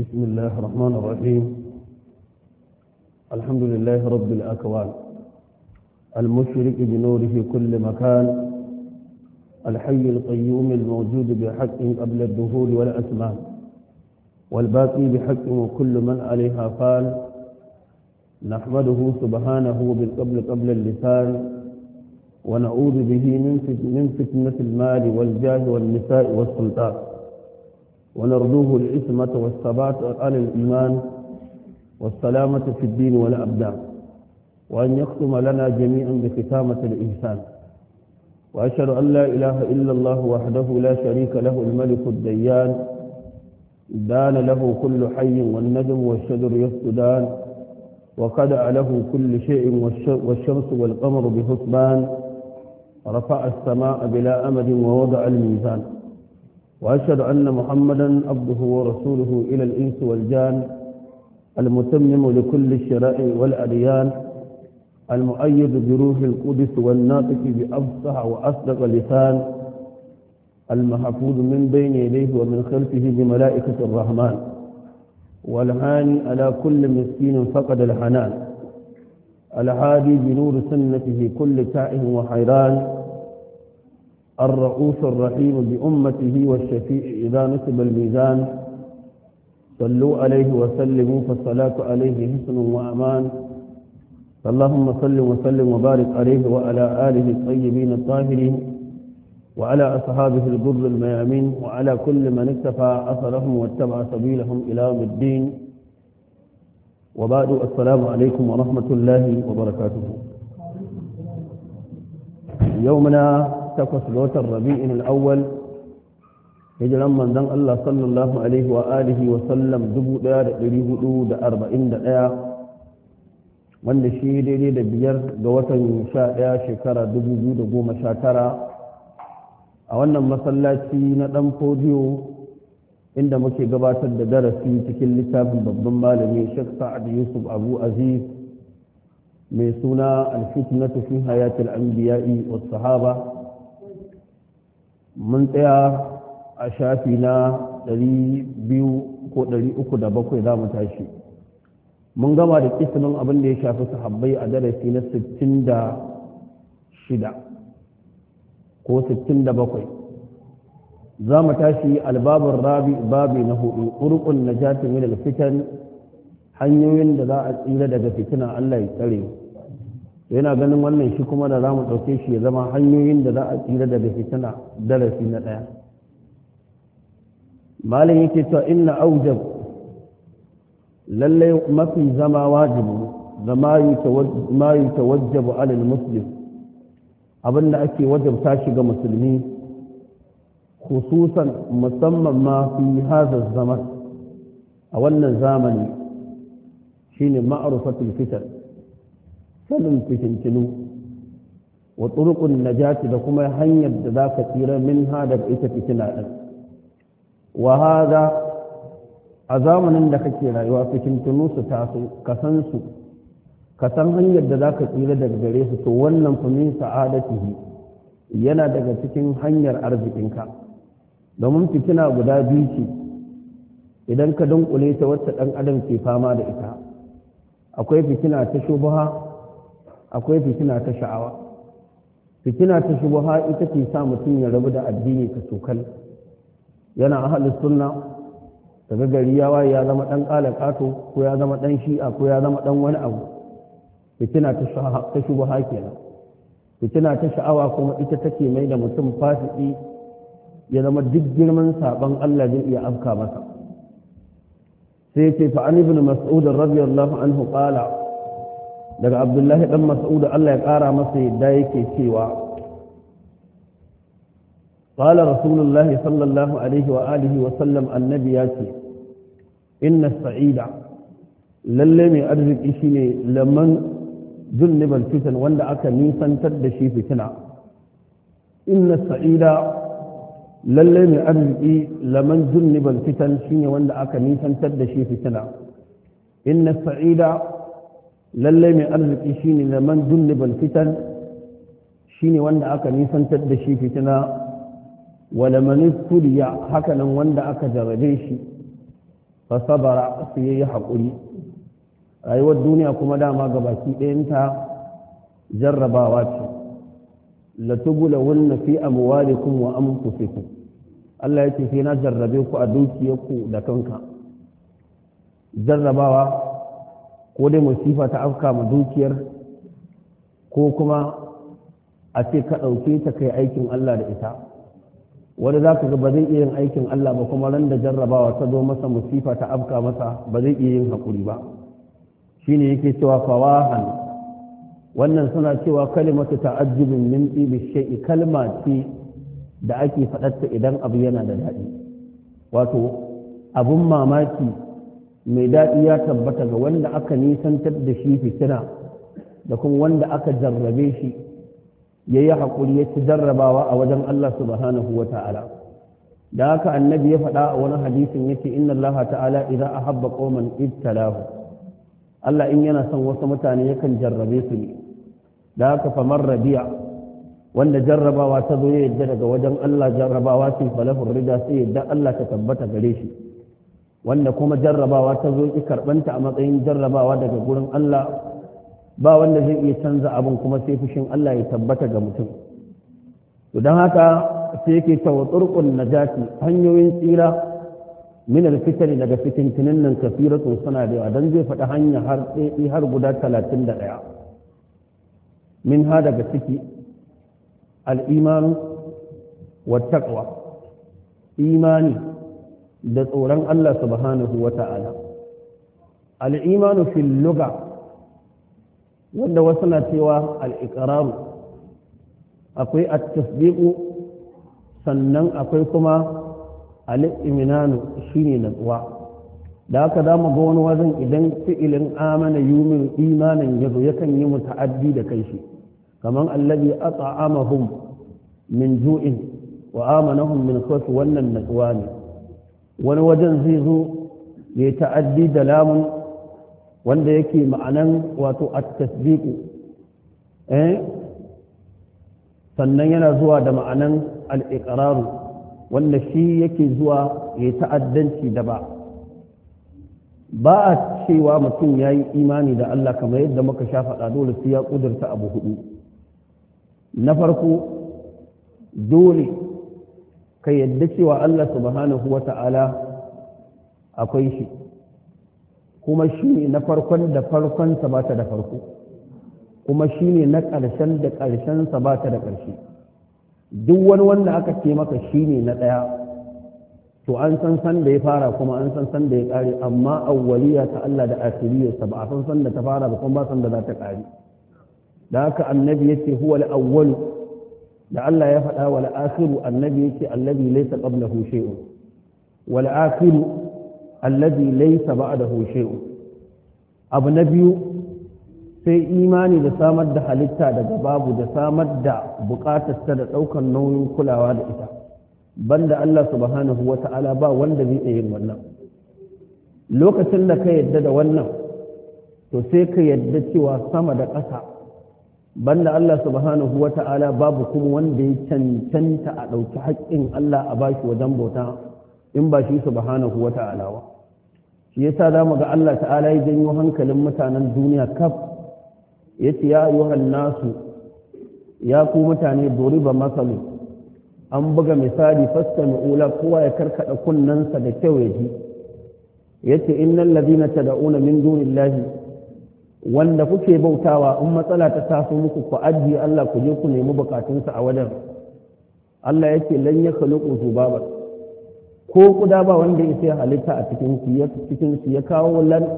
بسم الله الرحمن الرحيم الحمد لله رب الأكوان المشرك بنوره كل مكان الحي القيوم الموجود بحق قبل الدهور والأسماء والباقي بحق وكل من عليها فان نحمده سبحانه بالقبل قبل اللسان ونعوذ به من فتنة المال والجاه والنساء والسلطان ونرجوه العصمة والثبات على الإيمان والسلامة في الدين والأبدان وأن يختم لنا جميعا بختامة الإنسان وأشهد أن لا إله إلا الله وحده لا شريك له الملك الديان دان له كل حي والنجم والشجر يسجدان وخدع له كل شيء والشمس والقمر بحسبان رفع السماء بلا أمد ووضع الميزان وأشهد أن محمدا عبده ورسوله إلى الإنس والجان المتمم لكل الشرائع والأديان المؤيد بروح القدس والناطق بأفصح وأصدق لسان المحفوظ من بين يديه ومن خلفه بملائكة الرحمن والهاني على كل مسكين فقد الحنان الحادي بنور سنته كل تائه وحيران الرؤوس الرحيم بأمته والشفيع إذا نسب الميزان صلوا عليه وسلموا فالصلاة عليه حسن وأمان اللهم صل وسلم وبارك عليه وعلى آله الطيبين الطاهرين وعلى أصحابه البر الميامين وعلى كل من اكتفى أثرهم واتبع سبيلهم إلى يوم الدين وبعد السلام عليكم ورحمة الله وبركاته يومنا takwas ga watan rabi'in al'awwal hijiran manzon Allah sallallahu alaihi wa alihi wa sallam 1441 wanda shi daidai da biyar ga watan sha ɗaya shekara dubu biyu da goma sha tara a wannan masallaci na ɗan fodiyo inda muke gabatar da darasi cikin littafin babban malami shek sa'ad yusuf abu aziz mai suna alfitnatu fi hayatil anbiya'i was sahaba mun tsaya a shafi na 200 ko 307 za mu tashi mun gama da kisanin abin da ya shafi sahabbai a darasi na 66 ko 67 za mu tashi albabin rabi babi na hudu urkun na ne daga fitan hanyoyin da za a tsira daga fitina Allah ya tsare yana ganin wannan shi kuma da za mu ɗauke shi ya zama hanyoyin da za a tsira daga fitina darasi na ɗaya malin yake cewa inna aujab lallai mafi zama wajibi da ma yi tawajjabu alal muslim abin da ake wajabta shi ga musulmi khususan musamman ma fi hazar zaman a wannan zamani shine ma'arufatul fitar sanin fitintinu wa turukun najati da kuma hanyar da za ka tsira min ha daga ita fitina ɗin, wa a zamanin da kake rayuwa fitintinu su taso ka san su ka hanyar da za ka tsira daga gare su to wannan fa min sa'adatihi yana daga cikin hanyar arzikinka domin fitina guda biyu ce idan ka dunkule ta wacce ɗan adam ke fama da ita akwai fitina ta shubuha akwai fitina ta sha'awa fitina ta shubuha ita ce sa mutum ya rabu da addini ta tokal yana ahalus sunna daga gari ya waye ya zama dan kalakato ko ya zama dan shi'a ko ya zama dan wani abu fitina ta shubuha kenan fitina ta sha'awa kuma ita take mai da mutum fasiki ya zama duk girman saban Allah zai iya afka masa sai ce fa an ibn mas'ud radiyallahu anhu qala daga abdullahi dan mas'ud Allah ya kara masa da yake cewa qala rasulullahi sallallahu alaihi wa alihi wa sallam annabi ya ce inna sa'ida lalle mai arziki shine laman zunnibal fitan wanda aka nisantar da shi fitina inna sa'ida lalle mai arziki laman zunnibal fitan shine wanda aka nisantar da shi fitina inna sa'ida lallai mai arziki shine na man dunniban fitan shine wanda aka nisantar da shi fitina wala man kuriya hakanan wanda aka jarabe shi fa sabara sai yayi haƙuri rayuwar duniya kuma dama ga baki ɗayanta jarrabawa ce la tubula wanna fi amwalikum wa anfusikum Allah ce sai na jarrabe ku a dukiyarku da kanka jarrabawa ko dai musifa ta afka mu dukiyar ko kuma a ce ka ɗauke ta kai aikin Allah da ita wani za ka ga ba zai iya yin aikin Allah ba kuma ran da jarrabawa ta zo masa musifa ta afka masa ba zai iya yin haƙuri ba shine yake cewa fawahan wannan suna cewa kalimatu ta'ajjubin min tsibi shay'i kalma ce da ake faɗarta idan abu yana da daɗi wato abun mamaki mai daɗi ya tabbata ga wanda aka nisantar da shi fitina da kuma wanda aka jarrabe shi ya yi haƙuri ya ci jarrabawa a wajen Allah subhanahu wa ta'ala da haka annabi ya faɗa a wani hadisin yace inna Allah ta'ala idza ahabba qauman ibtalahu Allah in yana son wasu mutane yakan jarrabe su ne da haka famar rabi'a wanda jarrabawa ta zo ya yadda daga wajen Allah jarrabawa sai falafur rida sai yadda Allah ta tabbata gare shi wanda kuma jarrabawa ta zo ki karbanta a matsayin jarrabawa daga gurin Allah ba wanda zai iya canza abin kuma sai fushin Allah ya tabbata ga mutum to don haka sai yake cewa turqun najati hanyoyin tsira min alfitani daga fitintunin nan kafiratun suna da yawa dan zai faɗi hanya har ɗaya har guda talatin da ɗaya min ha daga ciki al'imanu wa taqwa imani da tsoron Allah subhanahu wa ta'ala al'imanu fil luga wanda wasu na cewa al'iƙararu akwai a tasbiku sannan akwai kuma al'iminanu shine natsuwa da haka za ga wani wajen idan fi'ilin amana yumin imanin yazo yakan yi muta'addi da kai shi kaman allazi at'amahum min ju'in wa amanahum min khawf wannan natsuwa ne wani wajen zai zo ya ta'addi da lamun wanda yake ma'anan wato at-tasdiqu eh sannan yana zuwa da ma'anan al wanda shi yake zuwa ya ta'addanci da ba ba a cewa mutum ya yi imani da Allah kamar yadda muka sha faɗa dole sai ya ƙudurta abu hudu na farko dole ka yadda cewa Allah subhanahu wa ta'ala akwai shi kuma shi ne na farkon da farkonsa ba ta da farko kuma shi ne na ƙarshen da ƙarshensa ba ta da ƙarshe duk wani wanda aka ce maka shi ne na ɗaya to an san san da ya fara kuma an san san da ya ƙare amma awwaliya ta Allah da asiriyarsa ba a san san da ta fara ba kuma ba san da za ta ƙare da haka annabi ya ce huwa al-awwal da Allah ya faɗa wal akhiru annabi yake allazi laysa qablahu shay'un wal akhiru allazi laysa ba'dahu shay'un abu na biyu sai imani da samar da halitta daga babu da samar da ta da ɗaukar nauyin kulawa da ita banda Allah subhanahu wa ta'ala ba wanda zai iya yin wannan lokacin da ka yadda da wannan to sai ka yadda cewa sama da ƙasa banda Allah subhanahu wa ta'ala babu kuma wanda ya cancanta a ɗauki haƙƙin Allah a bashi wajen bauta in ba shi subhanahu wa ta'ala ba shi yasa za mu ga Allah ta'ala ya janyo hankalin mutanen duniya kaf ya ce ya ayyuhan nasu ya ku mutane duriba masalu an buga misali fasta ula kowa ya karkada kunnensa da kyau ya ji yace innal ladina da'una min dunillahi wanda kuke bautawa in matsala ta taso muku ku ajiye Allah ku je ku nemi bukatunsa a wajen Allah yake lan ya khaliqu zubaba ko kuda ba wanda yake halitta a cikin su ya cikin su ya kawo lan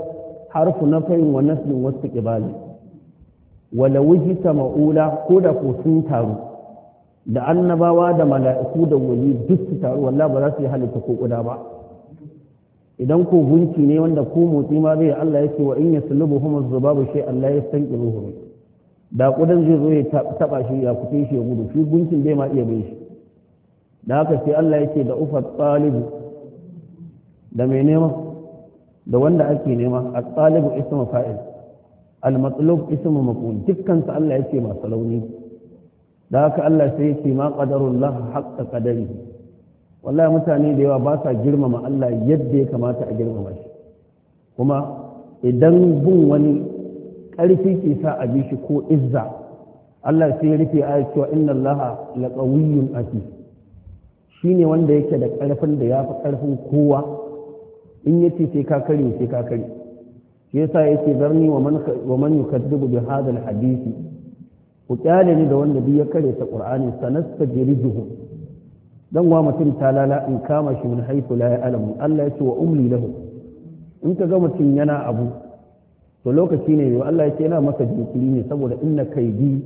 harfu fa'in wa nasbin wasu qibali wala wujita maula ko da ko sun taru da annabawa da mala'iku da wali duk su taru wallahi ba za su yi halitta ko kuda ba idan ko gunki ne wanda ko motsi ma zai Allah ya ce wa in yaslubuhum az-zubabu shay Allah ya san yastanqiruhu da kudan zai zo ya taba shi ya kuce shi ya gudu shi gunkin bai ma iya bai shi da haka sai Allah ya ce da ufa talibu da mai nema da wanda ake nema at-talibu ismu fa'il al-matlub ismu maf'ul dukkan sa Allah ya ce masu launi da haka Allah sai ya ce ma qadarullah haqqa qadarihi wallahi mutane da yawa ba sa girmama Allah yadda ya kamata a girmama shi kuma idan bin wani ƙarfi ke sa a bi shi ko izza Allah sai ya rufe a cewa inna Allah la qawiyyun ati shine wanda yake da ƙarfin da yafi ƙarfin kowa in yace sai ka kare sai ka kare shi yasa yake zarni wa man wa man yukaddibu bi hadha hadisi ku kyale ni da wanda bi ya kare ta qur'ani sanastajrijuhum Zan wa mutum ta lala in kama shi min haifu la alamu. Allah ce wa umli lahu in ka ga mutum yana abu to lokaci ne yau Allah ce yana masa jinkiri ne saboda inna kaidi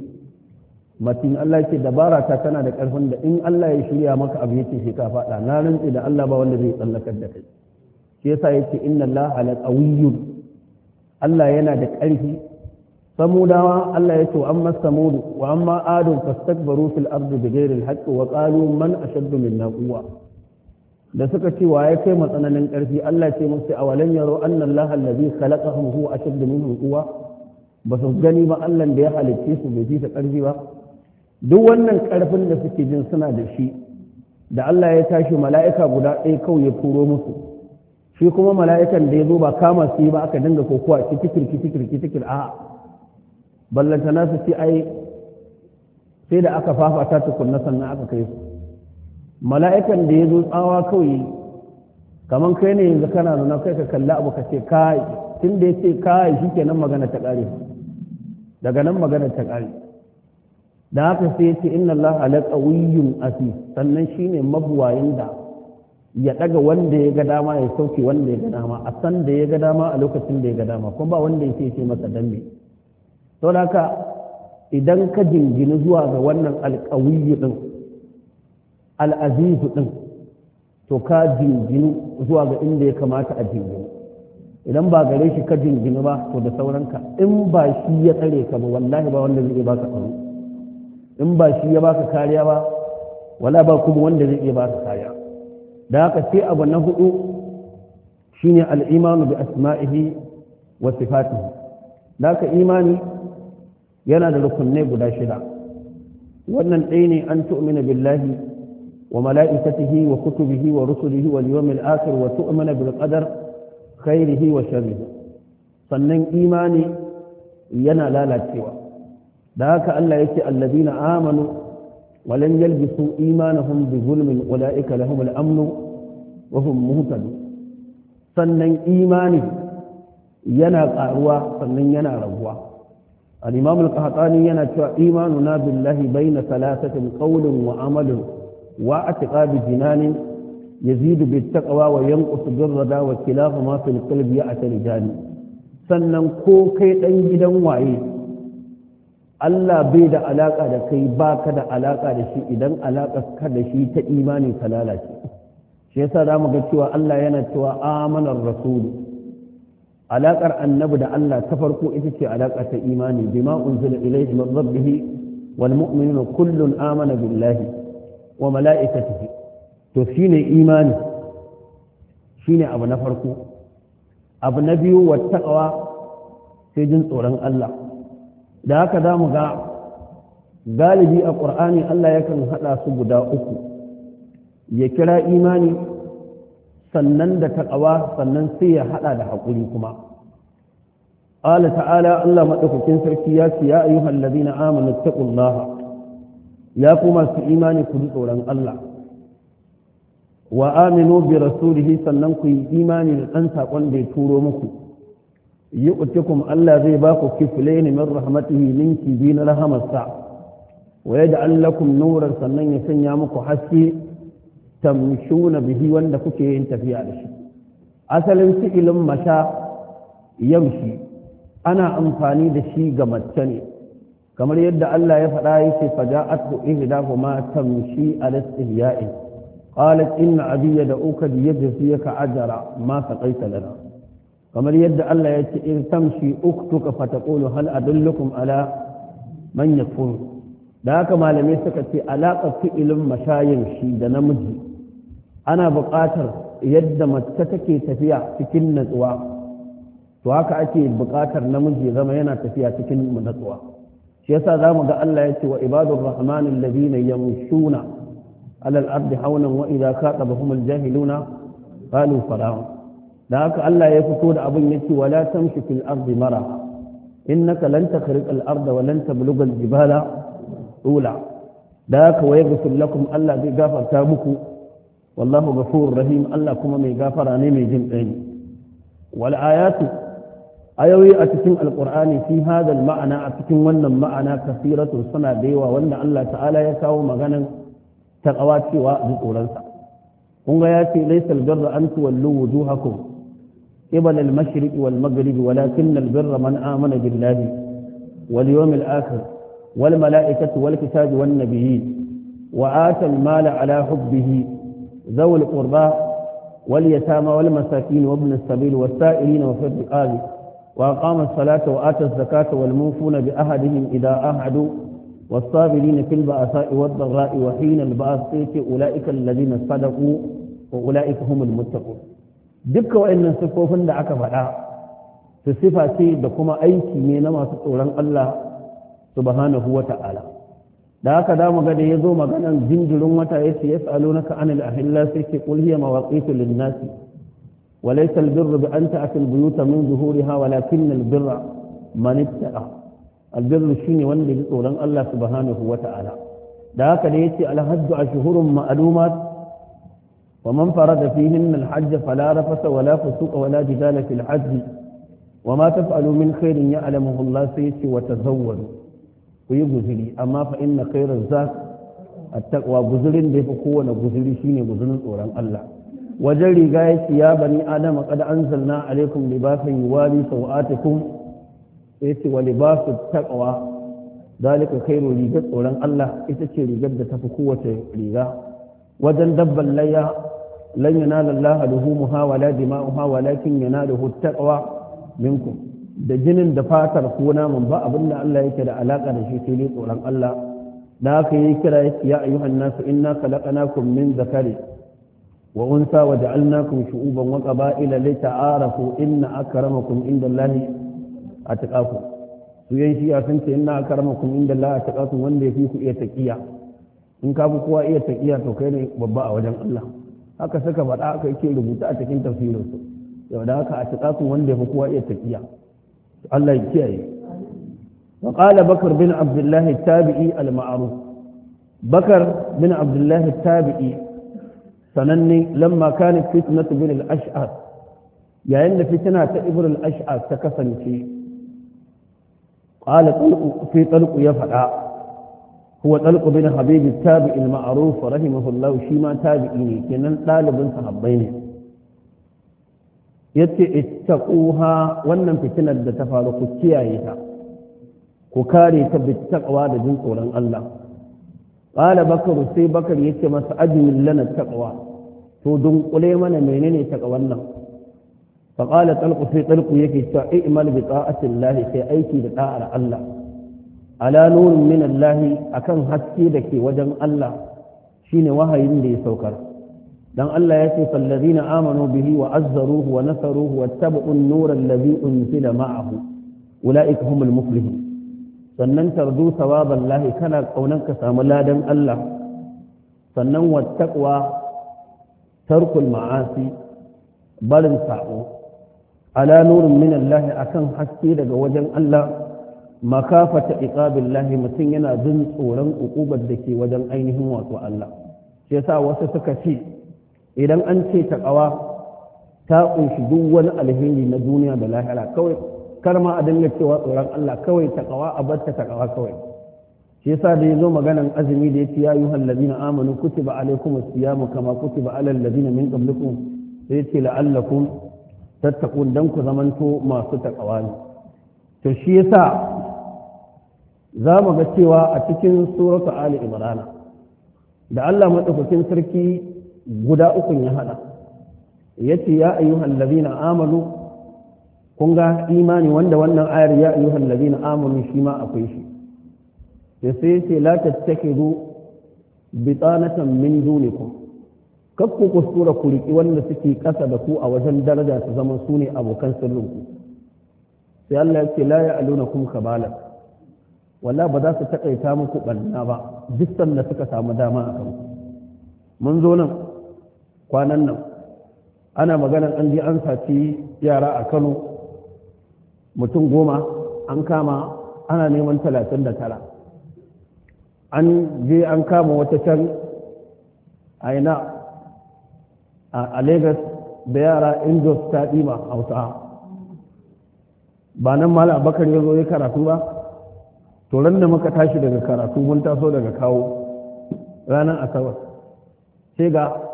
mutum Allah ce dabara ta tana da karfin da in Allah ya shirya maka abu yace sai ka fada na rantsi da Allah ba wanda zai tsallakar da kai shi yasa yace inna Allah ala qawiyyun Allah yana da ƙarfi samudawa Allah ya ce amma samudu wa amma adu fastakbaru fil ardi bighairi alhaqqi wa qalu man ashaddu minna quwwa da suka ce wa ya kai tsananin karfi Allah ce musu awalan yaro anna Allah allazi khalaqahum huwa ashaddu minhum quwwa ba su gani ba Allah da ya halicce su bai fi karfi ba duk wannan karfin da suke jin suna da shi da Allah ya tashi mala'ika guda ɗaya kawai ya turo musu shi kuma mala'ikan da ya zo ba kama su yi ba aka dinga kokowa kitikir kitikir kitikir a'a ballantana su ce ai sai da aka ta tukunna sannan aka kai su mala'ikan da ya zo tsawa kawai kamar kai ne yanzu kana nuna kai ka kalli abu ka ce kai tun da ya ce kai shi kenan magana ta ƙare daga nan magana ta ƙare da haka sai ya ce inna Allah ala qawiyyun asi sannan shi ne mabuwayin da ya daga wanda ya ga dama ya sauke wanda ya ga dama a san da ya ga dama a lokacin da ya ga dama kuma ba wanda ya ce ce masa danbe. sau haka idan ka jingini zuwa ga wannan alƙawiyu ɗin al'azizu ɗin to ka jingini zuwa ga inda ya kamata a jingini idan ba gare shi ka jingini ba to da sauranka in ba shi ya tsare ka ba wallahi ba wanda zai baka tsaro in ba shi ya baka kariya ba wala ba kuma wanda zai iya baka kariya da haka sai abu na hudu shine al bi asma'ihi wa sifatihi da haka imani yana da rukunai guda shida wannan ɗaya ne an tu'mina billahi wa mala'ikatihi wa kutubihi wa rusulihi wal yawmil akhir wa tu'mina bil qadar khairihi wa sharrihi sannan imani yana lalacewa da haka Allah yake alladina amanu wa lam yalbisu imanahum bi zulmin ulaika lahum al-amn wa hum muhtadun sannan imani yana ƙaruwa sannan yana raguwa al-imam al yana cewa imanuna billahi baina thalathatin qawlin wa amalin wa i'tiqadu ne yazidu bit taqwa wa yanqusu bir rada wa kilahuma fil qalbi ya'tarijani sannan ko kai ɗan gidan waye Allah bai da alaka da kai baka da alaka dashi idan alaka ka da shi ta imani ta lalace shi yasa zamu ga cewa Allah yana cewa amanar rasulu alaƙar annabi da Allah ta farko ita ce alaƙa ta imani bima unzila ilayhi min rabbihi wal mu'minuna kullun amana billahi wa mala'ikatihi to shine imani shine abu na farko abu na biyu wattaqwa sai jin tsoron Allah da haka za mu ga galibi a ƙur'ani Allah yakan haɗa su guda uku ya kira imani sannan da taƙawa sannan sai ya haɗa da haƙuri kuma ƙala ta'ala Allah maɗaukakin sarki ya ce ya ayyuhan ladina amanu taqullaha ya ku masu imani ku ji tsoron Allah wa aminu bi rasulihi sannan ku yi imani da ɗan saƙon da ya turo muku yu'tikum Allah zai ba ku kiflaini min rahmatihi na rahamarsa wa yaj'al lakum nuran sannan ya sanya muku haske tamshuna bihi wanda kuke yin tafiya da shi asalin fi'ilin masha yamshi ana amfani da shi ga mace ne kamar yadda Allah ya faɗa yake faja'atu kuma tamshi ala istihya'i qalat inna abi yad'uka bi yajziyaka ajra ma saqaita lana kamar yadda Allah ya ce in tamshi uktuka fataqulu hal adullukum ala man yakfuru da haka malamai suka ce alaƙa fi'ilin mashayin shi da namiji ana buƙatar yadda mace take tafiya cikin natsuwa to haka ake buƙatar namiji zama yana tafiya cikin natsuwa shi yasa za mu ga Allah ya ce wa ibadur rahmanin ladina yamshuna alal ardi haunan wa idza khatabahum aljahiluna qalu salam da haka Allah ya fito da abin yace wala tamshi fil ardi mara innaka lan takhriqa al arda wa lan tablugha al jibala tsula da haka wa gafir lakum Allah zai gafarta muku wallahu ghafurur rahim Allah kuma mai gafara ne mai jin ƙai wal ayatu ayoyi a cikin alqur'ani fi hada ma'ana a cikin wannan ma'ana kasiratu suna da yawa wanda Allah ta'ala ya kawo maganan taqwa cewa a tsoransa kun ga ya ce laysa birra an tuwallu wujuhakum قبل المشرق والمغرب ولكن البر من آمن بالله واليوم الآخر والملائكة والكتاب والنبيين وآتى المال على حبه ذوي القربى واليتامى والمساكين وابن السبيل والسائلين وفي الرقاب وأقام الصلاة وآتى الزكاة والموفون بأهدهم إذا أهدوا والصابرين في البأساء والضراء وحين البأس أولئك الذين صدقوا وأولئك هم المتقون دك وإن صفوفن دعك فلا في صفاتي دكما أيكي من ما تطوران الله subhanahu wa ta'ala da haka da mu ga da yazo maganan jinjirin wata yace yas'alunaka anil ahilla sai ce qul hiya mawaqitu lin-nas wa laysa al-birru bi an ta'ti al-buyuta min zuhuriha walakin al-birra man ittaqa al-birru shine wanda ya tsoron Allah subhanahu wa ta'ala da haka da yace al-hajju ashhurun ma'lumat ومن فرد فيهن الحج فلا رفس ولا فسوق ولا جدال في الحج وما تفعلوا من خير يعلمه الله سيتي وتزودوا ku yi guziri amma fa inna khairaz zat attaqwa guzirin da yafi kowane guziri shine guzirin tsoron Allah wajen riga ya ce ya bani adama kada anzalna alaikum libasan yuwari sawatikum yace wa libasu taqwa zalika khairu rigar tsoron Allah ita ce rigar da tafi kowace riga wajen dabban layya lan yanala Allah luhumuha wala dima'uha walakin yanaluhu taqwa minkum da jinin da fatar ko naman ba abin da Allah yake da alaka da shi sai tsoron Allah da aka yi kira yake ya ayyuhan nasu inna khalaqnakum min zakari wa unsa wa ja'alnakum shu'uban wa qaba'ila ta'arafu inna akramakum indallahi atqakum su yayin shi sun ce inna akramakum indallahi atqakum wanda yafi ku iya taqiya in ka fi kowa iya taqiya to kai ne babba a wajen Allah haka suka faɗa aka yake rubuta a cikin tafsirinsu yau da haka a tiƙaƙin wanda ya fi kowa iya tafiya Allah ya kiyaye bakar bin abdullah tabi'i al bakar bin abdullah tabi'i sananne lamba kanat fitnatu bin al-ash'ar yayin da fitina ta ibn al ta kasance qala talqu fi talqu ya fada هو طلق بن حبيب التابع المعروف رحمه الله شيما تابعيني كنن طالب yace ittaquha wannan fitinar da ta faru ku kiyaye ta ku kare ta bi taqwa da jin tsoron Allah qala bakaru sai bakar yace masa ajmil lana taqwa to dun kule mana menene taqwan nan fa qala talqu sai talqu yake cewa i'mal bi ta'ati Allah sai aiki da ta'ar Allah ala nurin min Allah akan haske da ke wajen Allah shine wahayin da ya saukar dan Allah ya ce fallazina amanu bihi wa azzaruhu wa nasaruhu wattaba'u an-nura alladhi unzila ma'ahu ulaika humul muflihun sannan tardu sawaballahi kana kaunan ka samu ladan Allah sannan wattaqwa tarkul ma'asi barin sa'o ala nurin min Allah akan haske daga wajen Allah makafata iqabillahi mutum yana jin tsoron ukubar da ke wajen ainihin wato Allah Sai yasa wasu suka ce idan an ce ta taƙawa ta ƙunshi duk wani alheri na duniya da lahira kawai kar ma a dinga cewa tsoron Allah kawai ta taƙawa a barta taƙawa kawai shi yasa da yazo maganan azumi da yace ya ayyuhal ladina amanu kutiba alaykumus siyamu kama kutiba alal ladina min qablikum sai yace la'allakum tattaqun dan ku zamanto masu taƙawa ne to shi yasa za mu ga cewa a cikin suratu ali imrana da Allah madaukakin sarki guda ukun ya hada yace ya ayyuhal ladina amanu kun ga imani wanda wannan ayar ya ayyuhal ladina amalu shi ma akwai shi ya sai yace la tattakidu bitanatan min dunikum kakku kusura ku riki wanda suke kasa da ku a wajen daraja su zama su ne abokan sirrinku sai Allah ya ce la ya'lunakum kabala walla ba za su takaita muku banna ba duk sanda suka samu dama a kanku mun zo nan kwanan nan ana maganar an ji an saci yara a kano mutum goma an kama ana neman talatin da tara an je an kama wata can aina a lagos da yara Indus ta ɗiba hausa ba nan mala bakar ya zo ya karatu ba to ran da muka tashi daga karatu mun taso daga kawo ranar asabar sai ga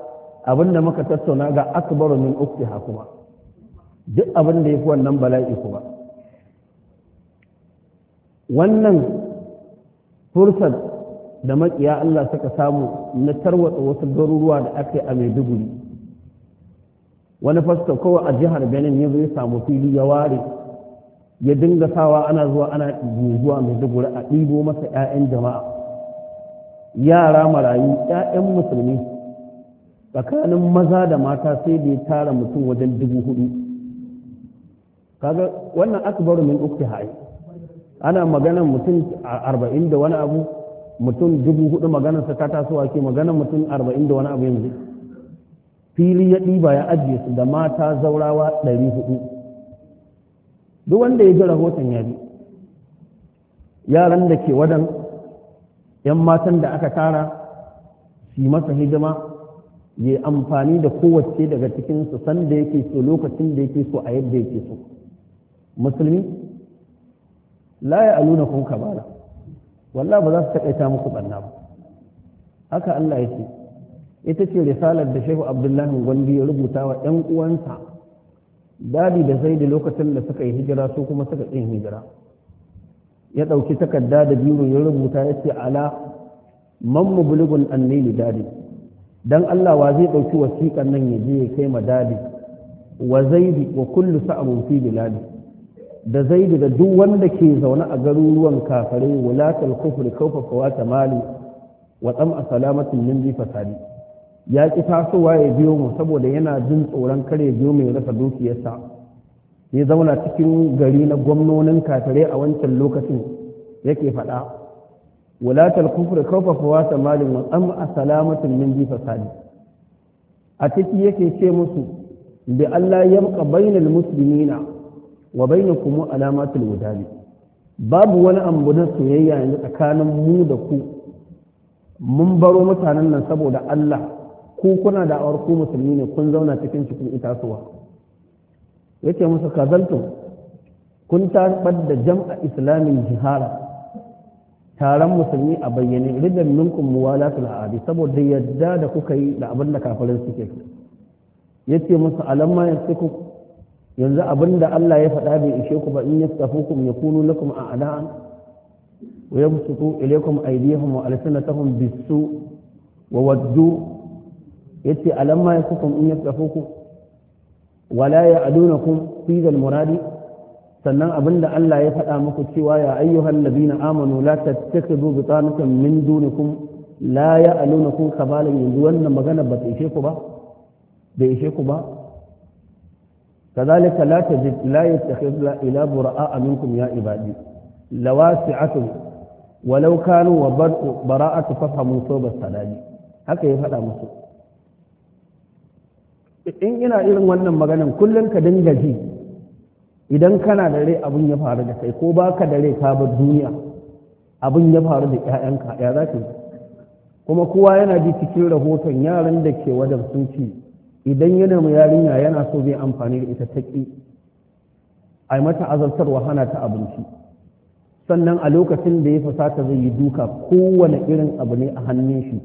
abinda muka tattauna ga akbaru min uktiha kuma duk abin da yafi wannan bala'i kuma wannan fursar da makiya Allah suka samu na tarwatsa wasu garuruwa da aka yi a Maiduguri wani fasta kowa a jihar Benin ya zai samu fili ya ware ya dinga sawa ana zuwa ana zuwa Maiduguri a ɗibo masa 'ya'yan jama'a yara marayu 'ya'yan musulmi tsakanin maza da mata sai da ya tara mutum wajen dubu hudu kaga wannan akbaru min ukti ha'i ana maganan mutum arba'in da wani abu mutum dubu hudu maganarsa ta taso ake maganan mutum arba'in da wani abu yanzu fili ya ɗiba ya ajiye su da mata zaurawa ɗari hudu duk wanda ya ji rahoton ya bi yaran da ke wadan 'yan matan da aka tara su masa hidima ya amfani da kowace daga cikin su san da yake so lokacin da yake so a yadda yake so musulmi la ya aluna kun kabara walla ba za su takaita muku banna ba haka Allah ya ce ita ce risalar da Shehu Abdullahi Gwandi ya rubuta wa ɗan uwansa dadi da zai da lokacin da suka yi hijira su kuma suka ƙin hijira ya ɗauki takarda da biro ya rubuta ya ce ala man mubulugun annili dadi dan Allah wa zai ɗauki wasiƙan nan ya je ya kai ma dadi wa zaidi wa kullu sa'abun fi biladi da zaidi da duk wanda ke zaune a garuruwan kafare wulatul kufri kaufa fawata mali wa tsam'a salamatin min bi fasadi ya ki tasowa ya biyo mu saboda yana jin tsoron kare biyo mai rasa dukiyarsa ya zauna cikin gari na gwamnonin kafare a wancan lokacin yake faɗa walatar kufur kawfa fawasa malin wa amma salamatin min bi fasadi a ciki yake ce masu, bi Allah yabqa bainal muslimina wa bainakum alamatul wudali babu wani ambunan sayayya yanzu tsakanin mu da ku mun baro mutanen nan saboda Allah ku kuna da awar ku musulmi ne kun zauna cikin cikin itatuwa yace masu kazaltum kun tabar da jam'a islamin jihara taron musulmi a bayyane ridan minkum muwalatul ahadi saboda yadda da kuka yi da abin da kafirin suke yace musu alamma yasiku yanzu abin da Allah ya faɗa bai ishe ku ba in ya yastafukum yakunu lakum a'da'an wa yabsutu ilaykum aydihim wa alsanatahum bisu wa waddu yace alamma yasikum in yastafukum wala ya'dunakum fi al muradi sannan abinda Allah ya faɗa muku cewa ya ayyuhan ladina amanu la tattakhidhu bitanatan min dunikum la ya'lunukum kabalan yanzu wannan magana ba ta ishe ku ba bai ishe ku ba كذلك لا تجد لا يتخذ إلى براء منكم يا عبادي لواسعة ولو كانوا وبرء براءة ففهموا صوب السلام haka ya faɗa musu in ina irin wannan maganan kullum ka dinga ji idan kana da rai abin ya faru da kai ko ba ka da rai ka bar duniya abin ya faru da 'ya'yanka? ya za ka yi kuma kowa yana ji cikin rahoton yaran da ke wajen sun ce idan yana mu yarinya yana so zai amfani da ita taƙi a mata azartarwa hana ta abinci sannan a lokacin da ya fasata zai yi duka kowane irin abu ne a hannun shi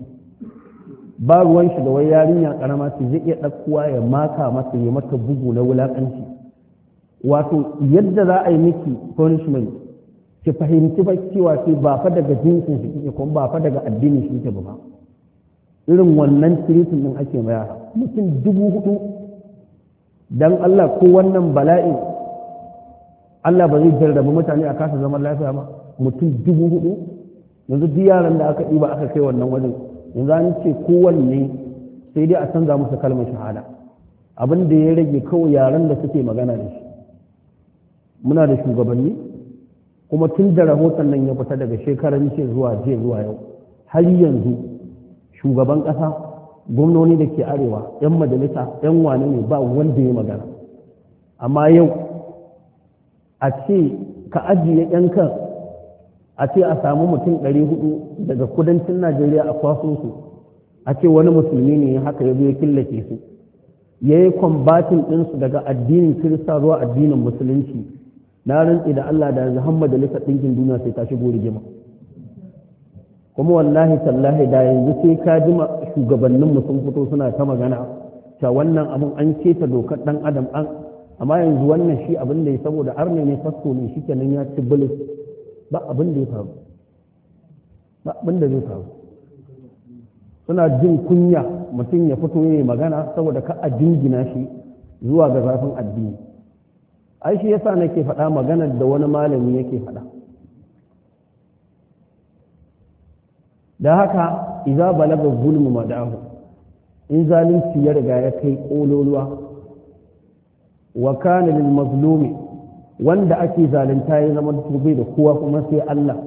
ba ruwan shi da wai yarinya karama su zai iya ɗakkuwa ya maka masa ya mata bugu na wulaƙanci wato yadda za a yi miki punishment ki fahimci ba cewa ce ba fa daga jinsin shi kike kuma ba fa daga addinin shi kike ba irin wannan treatment din ake maya mutum dubu hudu dan Allah ko wannan bala'i Allah ba zai jarraba mutane a kasa zaman lafiya ba mutum dubu hudu yanzu duk yaran da aka ɗiba aka kai wannan wajen yanzu an ce kowanne sai dai a canza musu kalmar shahada abin da ya rage kawai yaran da suke magana da shi muna da shugabanni kuma tun da rahoton nan ya fita daga shekarar ce zuwa je zuwa yau har yanzu shugaban ƙasa gwamnoni da ke arewa 'yan majalisa 'yan wane ne ba wanda ya magana amma yau a ce ka ajiye 'yan kan a ce a samu mutum 400 daga kudancin najeriya a kwaso su a ce wani musulmi ne haka ya zo ya killace su ya yi kwambatin ɗinsu daga addinin kirista zuwa addinin musulunci na rantsi da Allah da yanzu hamma da lisa ɗinkin duniya sai ta shigo rigima kuma wallahi tallahi da yanzu sai ka ji shugabanninmu sun fito suna ta magana ta wannan abun an keta dokar ɗan adam an amma yanzu wannan shi abin da ya saboda arne ne fasko ne shi kenan ya ci bilis ba abin da ya faru ba abin da zai faru suna jin kunya mutum ya fito ya magana saboda ka a jingina shi zuwa ga zafin addini ai shi yasa nake faɗa maganar da wani malami yake faɗa da haka iza balaga zulmu madahu in zalunci ya riga ya kai ƙololuwa wa kana lil mazlumi wanda ake zalunta ya zama bai da kowa kuma sai Allah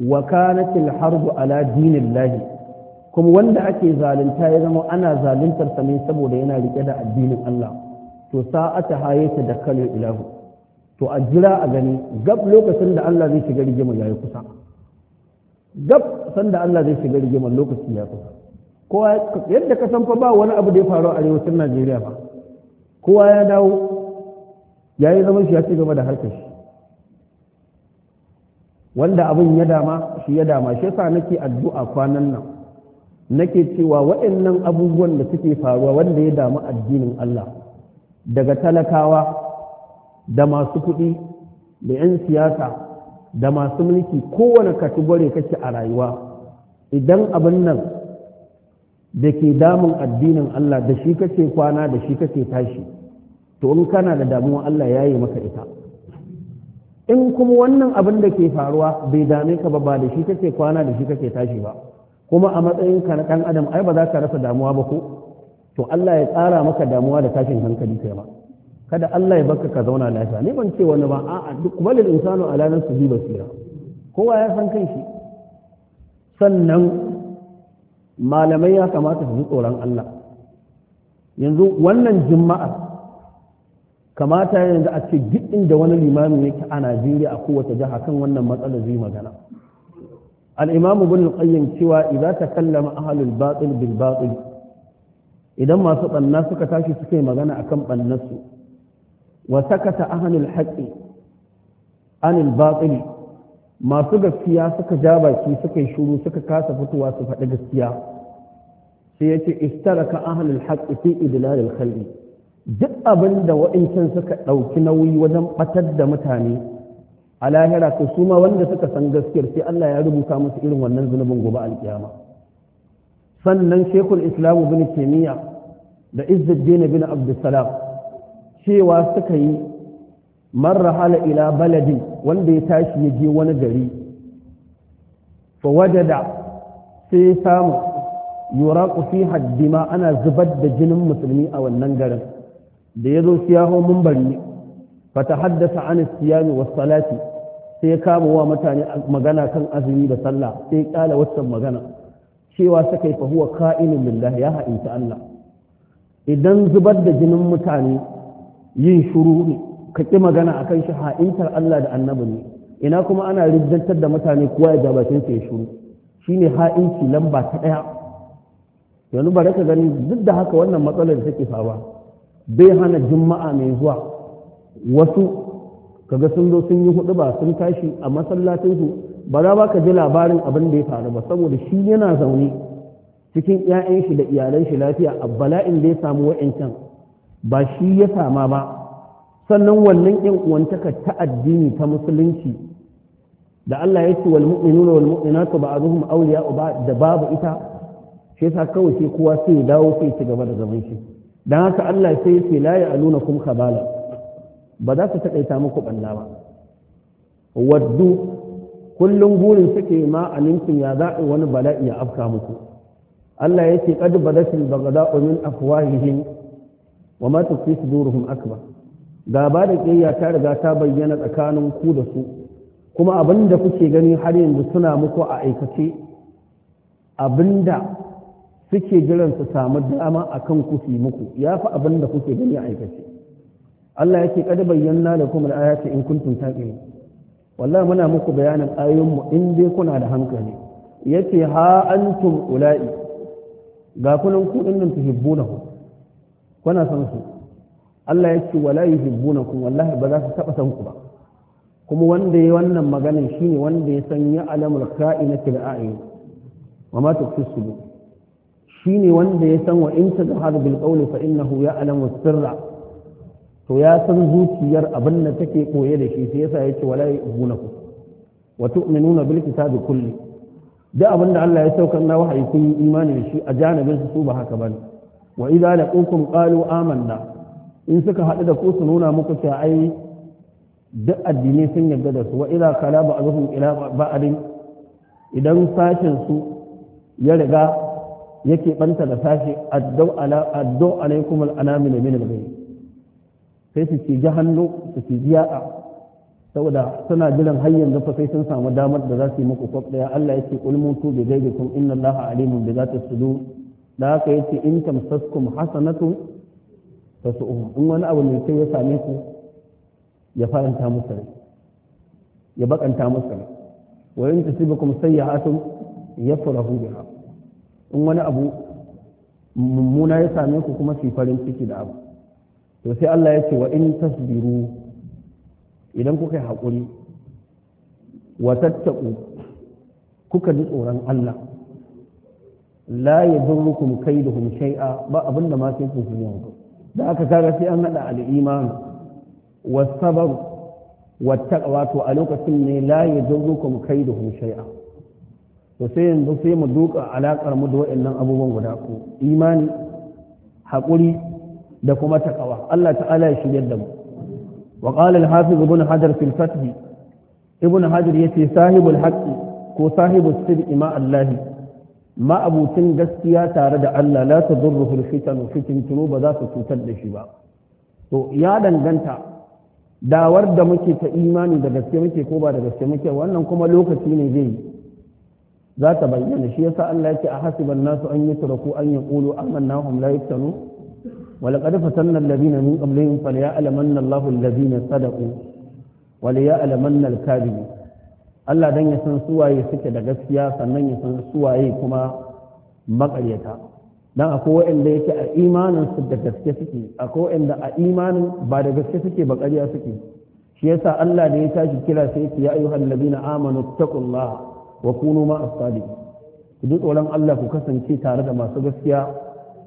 wa kanat harbu ala dinillahi kuma wanda ake zalunta ya zama ana zaluntar sa ne saboda yana rike da addinin Allah to sa'ata hayata da kalu ilahu to a jira a gani gab lokacin da Allah zai shiga rigimar yayi kusa gab sanda Allah zai shiga rigimar lokaci ya kusa kowa yadda ka san fa ba wani abu da ya faru a arewacin Najeriya ba kowa ya dawo yayi zaman shi ya ci gaba da harkar shi wanda abin ya dama shi ya dama shi yasa nake addu'a kwanan nan nake cewa waɗannan abubuwan da suke faruwa wanda ya damu addinin Allah daga talakawa da masu kuɗi da 'yan siyasa da masu mulki kowane katibore kake a rayuwa idan abin nan da ke damun addinin Allah da shi kake kwana da shi kake tashi to in kana da damuwa Allah ya yi maka ita in kuma wannan abin da ke faruwa bai dame ka ba ba da shi kake kwana da shi kake tashi ba kuma a matsayinka na ɗan adam ai ba za ka rasa damuwa ba ko to Allah ya tsara maka damuwa da tashin hankali kai ma kada Allah ya baka ka zauna lafiya ni ban ce wani ba a'a duk balil insanu ala bi basira kowa ya san shi. sannan malamai ya kamata su ji tsoron Allah yanzu wannan juma'a kamata yanzu a ce duk inda wani limami yake a Najeriya a kowace jiha kan wannan matsalar zai magana al-imamu bin qayyim cewa idza takallama ahlul batil bil batil idan masu ɓanna suka tashi suka magana a kan ɓannarsu wa sakata ahanul haƙƙi anil batsili masu gaskiya suka ja baki suka yi shuru suka kasa fitowa su faɗi gaskiya sai ya ce istaraka ahanul haƙƙi fi idlalil khalqi duk abin da wa'incan suka ɗauki nauyi wajen ɓatar da mutane a lahira ko su ma wanda suka san gaskiyar sai Allah ya rubuta musu irin wannan zunubin gobe alƙiyama sannan shekul islamu bin taimiyya da izzuddin bin Abdulsalam cewa suka yi marra hala ila baladin wanda ya tashi ya je wani gari fa wajada sai ya samu Yura fi haddima ana zubar da jinin musulmi a wannan garin da ya zo siyaho mumbari fa ana an siyami was salati sai ya kama wa mutane magana kan azumi da sallah sai ya kala waccan magana cewa suka yi fa huwa ka'inun ya ha'inta Allah idan zubar da jinin mutane yin shuru ne ka ƙi magana a kan shi ha'intar Allah da annabi ne ina kuma ana riddantar da mutane kowa ya gabacin ya shuru shine ha'inci lamba ta ɗaya yanzu ba ka gani duk da haka wannan matsalar da take faruwa bai hana juma'a mai zuwa wasu kaga sun zo sun yi hudu ba sun tashi a masallacinsu ba za ba ka ji labarin abin da ya faru ba saboda shi yana zaune cikin 'ya'yan shi da iyalan shi lafiya a bala'in da ya samu wayancan ba shi ya sama ba sannan wannan yan uwantaka ta addini ta musulunci da Allah ya ce wal mu'minuna wal mu'minatu ba'dhum awliya'u ba'd da babu ita shi yasa kawai sai kowa sai ya dawo sai ci gaba da zaman shi dan haka Allah sai ya ce la ya'lunakum khabala ba za su takaita muku balla ba waddu kullum burin suke ma a ninkin ya za wani bala'i ya afka muku Allah ya ce qad badatil baghda'u min afwahihim wa ma tukfi suduruhum akbar gaba da ƙiyayya ta riga ta bayyana tsakanin ku da su kuma abin da kuke gani har yanzu suna muku a aikace abin suke jiran su samu dama a kan ku muku ya fi abin da kuke gani a aikace Allah ya yake kada bayyana da kuma ayati in kuntum taqilun wallahi muna muku bayanin ayoyinmu in dai kuna da hankali yace ha antum ula'i ga kunan ku dinnan tuhibbunahu kuna san su Allah ya ce wala yuhibbunakum wallahi ba za su taba san ku ba kuma wanda ya wannan maganin shi ne wanda ya san ya alamul ka'inatil a'yun wa ma Shi ne wanda ya san wa in ta tadhhar bil qawli fa innahu ya'lamu sirra to ya san zuciyar abin da take koye da shi sai yasa yace wala yu'minuhu wa tu'minuna bil kitabi kulli da abin da Allah ya saukar na wahayi kun yi imani da shi a janibin su su ba haka bane wa idza laqukum qalu amanna in suka haɗu da ku su nuna muku cewa ai duk addinai sun yarda da su wa idza kala ba'dhum ila ba'din idan sashin su ya riga yake banta da sashi addau ala addau alaikum al-anamil min al-ghayb sai su ci ji hannu su ci ji yaɗa saboda suna jiran har yanzu fa sai sun samu damar da za su yi muku kwaf ɗaya Allah ya ce ulmutu bi ghaibikum inna Allaha alimun bi zati sudur da haka ce in saskum hasanatu fasu'um in wani abu mai kyau ya same ku ya faranta musu rai ya bakanta musu rai wa in tusibukum sayyi'atun yafrahu biha in wani abu mummuna ya same ku kuma su farin ciki da abu to sai Allah ya ce wa in tasbiru idan kuka yi haƙuri wa tattaku kuka ji tsoron Allah la ya kai kaiduhum shay'a ba abinda ma sai ku yi da aka kaga sai an hada al-iman was sabr wat taqwa to a lokacin ne la ya yadurrukum kaiduhum shay'a to sai yanzu sai mu duka alakar mu da wa'annan abubuwan guda ku imani haƙuri da kuma kawa. Allah ta'ala ya shirya da mu wa qala al-hafiz ibn hajar fil fath ibn hajar yace sahibul haqqi ko sahibus sirri ma Allah ma abutin gaskiya tare da Allah la tadurruhu al-fitan fitintunu ba za su cutar da shi ba to ya danganta dawar da muke ta imani da gaske muke ko ba da gaske muke wannan kuma lokaci ne zai za ta bayyana shi yasa Allah yake a hasiban nasu an yi turaku an yaqulu amanna hum la yaftanu ولقد فتنا الذين من قبلهم فليعلمن الله الذين صدقوا وليعلمن الكاذبين Allah dan ya san suwaye suke da gaskiya sannan ya san suwaye kuma makaryata dan akwai wanda yake a imanin su da gaske suke akwai wanda a imanin ba da gaske suke ba ƙarya suke shi yasa Allah da ya tashi kira sai yake ya ayyuhal ladina amanu taqullaha wa kunu ma as ku ji tsoron Allah ku kasance tare da masu gaskiya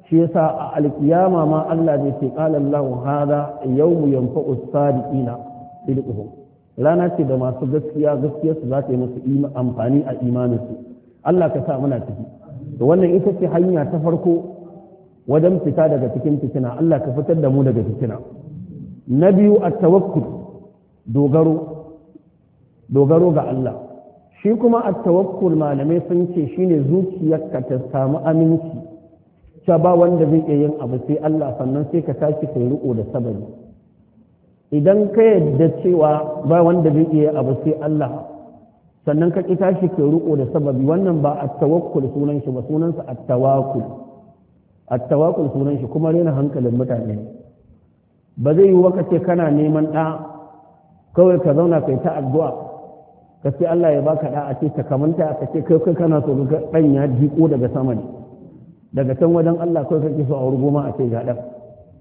shi yasa a alkiyama ma Allah zai ce qala Allahu hada yawmu yanfa'u as-sadiqina sidquhum rana ce da masu gaskiya gaskiyar su za ta yi musu amfani a imanin su Allah ka sa muna ciki to wannan ita ce hanya ta farko wajen fita daga cikin fitina Allah ka fitar da mu daga fitina na biyu at-tawakkul dogaro dogaro ga Allah shi kuma at-tawakkul malamai sun ce shine zuciyarka ta samu aminci cewa ba wanda zai iya yin abu sai Allah sannan sai ka tashi kai riko da sabari idan ka yadda cewa ba wanda zai iya abu sai Allah sannan ka ki tashi kai riko da sababi wannan ba at-tawakkul sunan shi ba sunan sa at-tawakkul at-tawakkul sunan shi kuma rena hankalin mutane ba zai yi waka ce kana neman da kawai ka zauna kai ta addu'a ka sai Allah ya baka da a ce ta kamanta ka ce kai kana so ka danya ya jiko daga sama ne daga can wajen Allah kai kake so a wurgo ma a ce ga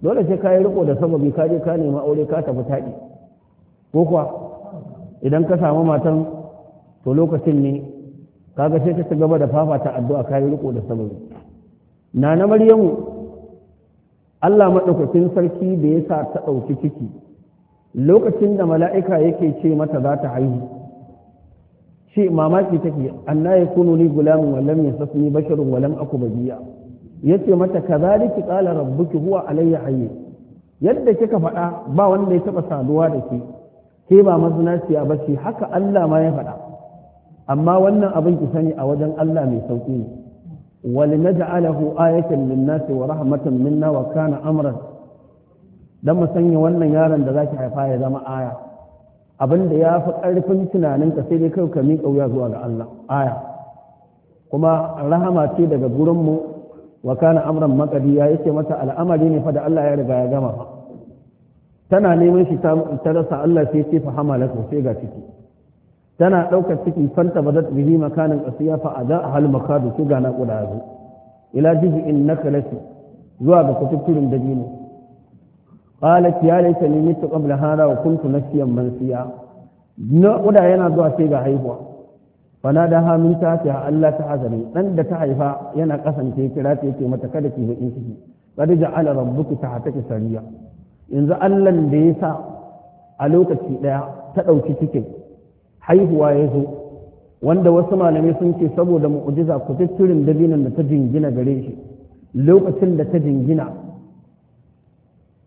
dole sai ka yi riko da sababi ka je ka nemi aure ka tafi taɗi ko kuwa idan ka samu matan to lokacin ne kaga sai ka gaba da fafa ta addu'a ka yi riko da sababi na na maryamu Allah maɗaukakin sarki da ya sa ta ɗauki ciki lokacin da mala'ika yake ce mata za ta haihu shi mamaki take annaya kunu ni gulamin wa lam yasasni basharun wa aku bajiya yace mata kazaliki qala rabbuki huwa alayya hayy yadda kika faɗa ba wanda ya taɓa saduwa da ke ke ba mazinaciya ba ce haka Allah ma ya faɗa amma wannan abin ki sani a wajen Allah mai sauƙi ne wal naj'alahu ayatan lin-nas wa rahmatan minna wa kana amran dan mu sanya wannan yaron da zaki haifa ya zama aya abinda ya fi ƙarfin tunaninka sai dai kai ka miƙa wuya zuwa ga Allah aya kuma rahama ce daga gurinmu wa kana amran ya ce mata al'amari ne fa da Allah ya riga ya gama tana neman shi ta rasa Allah sai ce fa hamalatu sai ga ciki tana daukar ciki fanta badat bihi makanin qasiya fa ada hal makadu sai ga naquda yazo ila jiz'in nakalati zuwa ga kututturin dabino qalat ya laita ni mitu qabla hada wa kuntu nasiyan mansiya naquda yana zuwa sai ga haihuwa fanadaha min a Allah ta hazani dan da ta haifa yana kasance kira ta yake mata kada ki bakin ciki qad ja'ala rabbuki tahtaki sariya yanzu Allah da ya sa a lokaci daya ta dauki cikin haihuwa ya zo wanda wasu malamai sun ce saboda mu'jiza ku tattirin dabinan da ta jingina gare shi lokacin da ta jingina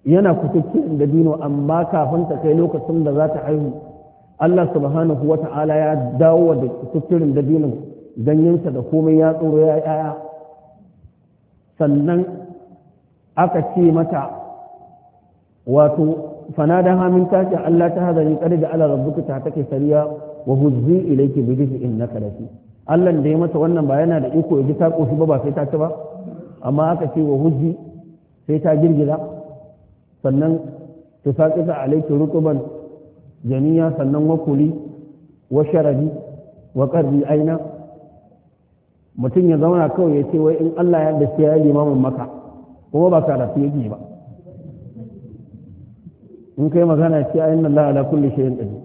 yana kututturin dabino amma kafin ta kai lokacin da za ta haihu Allah subhanahu wa ta'ala ya dawo da da dinin ganyensa da komai ya tsoro ya yaya sannan aka ce mata wato fana da hamin tashi Allah ta hazari kare da ala rabbuka ta take sariya wa huzzi ilayki bi jiz'in nakalati Allah da ya mata wannan ba yana da iko ya ta koshi ba ba sai ta ci ba amma aka ce wa huzzi sai ta girgiza sannan tusaqita alayki rutuban jami'a sannan wakuli wa sharadi wa ƙarfi aina mutum ya zauna kawai ya ce wai in Allah ya da ya limamin maka kuma ba karatu yake ba in kai magana ce ayin Allah ala kulli shay'in qadir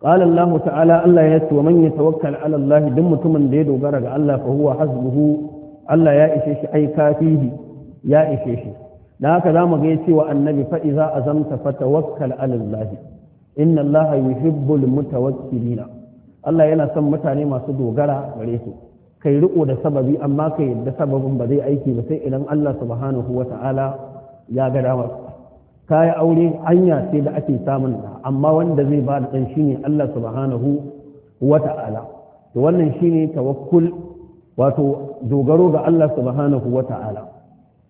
قال الله تعالى الله يس ومن يتوكل على الله دم متمن da ya dogara ga Allah fa huwa hasbuhu Allah ya ishe shi ai kafihi ya ishe da haka za mu ga cewa annabi fa iza azamta fatawakkal ala Allah inna Allah yuhibbul mutawakkilina Allah yana son mutane masu dogara gare su kai riko da sababi amma kai da sababin ba zai aiki ba sai idan Allah subhanahu wata'ala ya ga dama kayi aure hanya ce da ake samun da amma wanda zai ba da dan shine Allah subhanahu wata'ala to wannan shine tawakkul wato dogaro ga Allah subhanahu wata'ala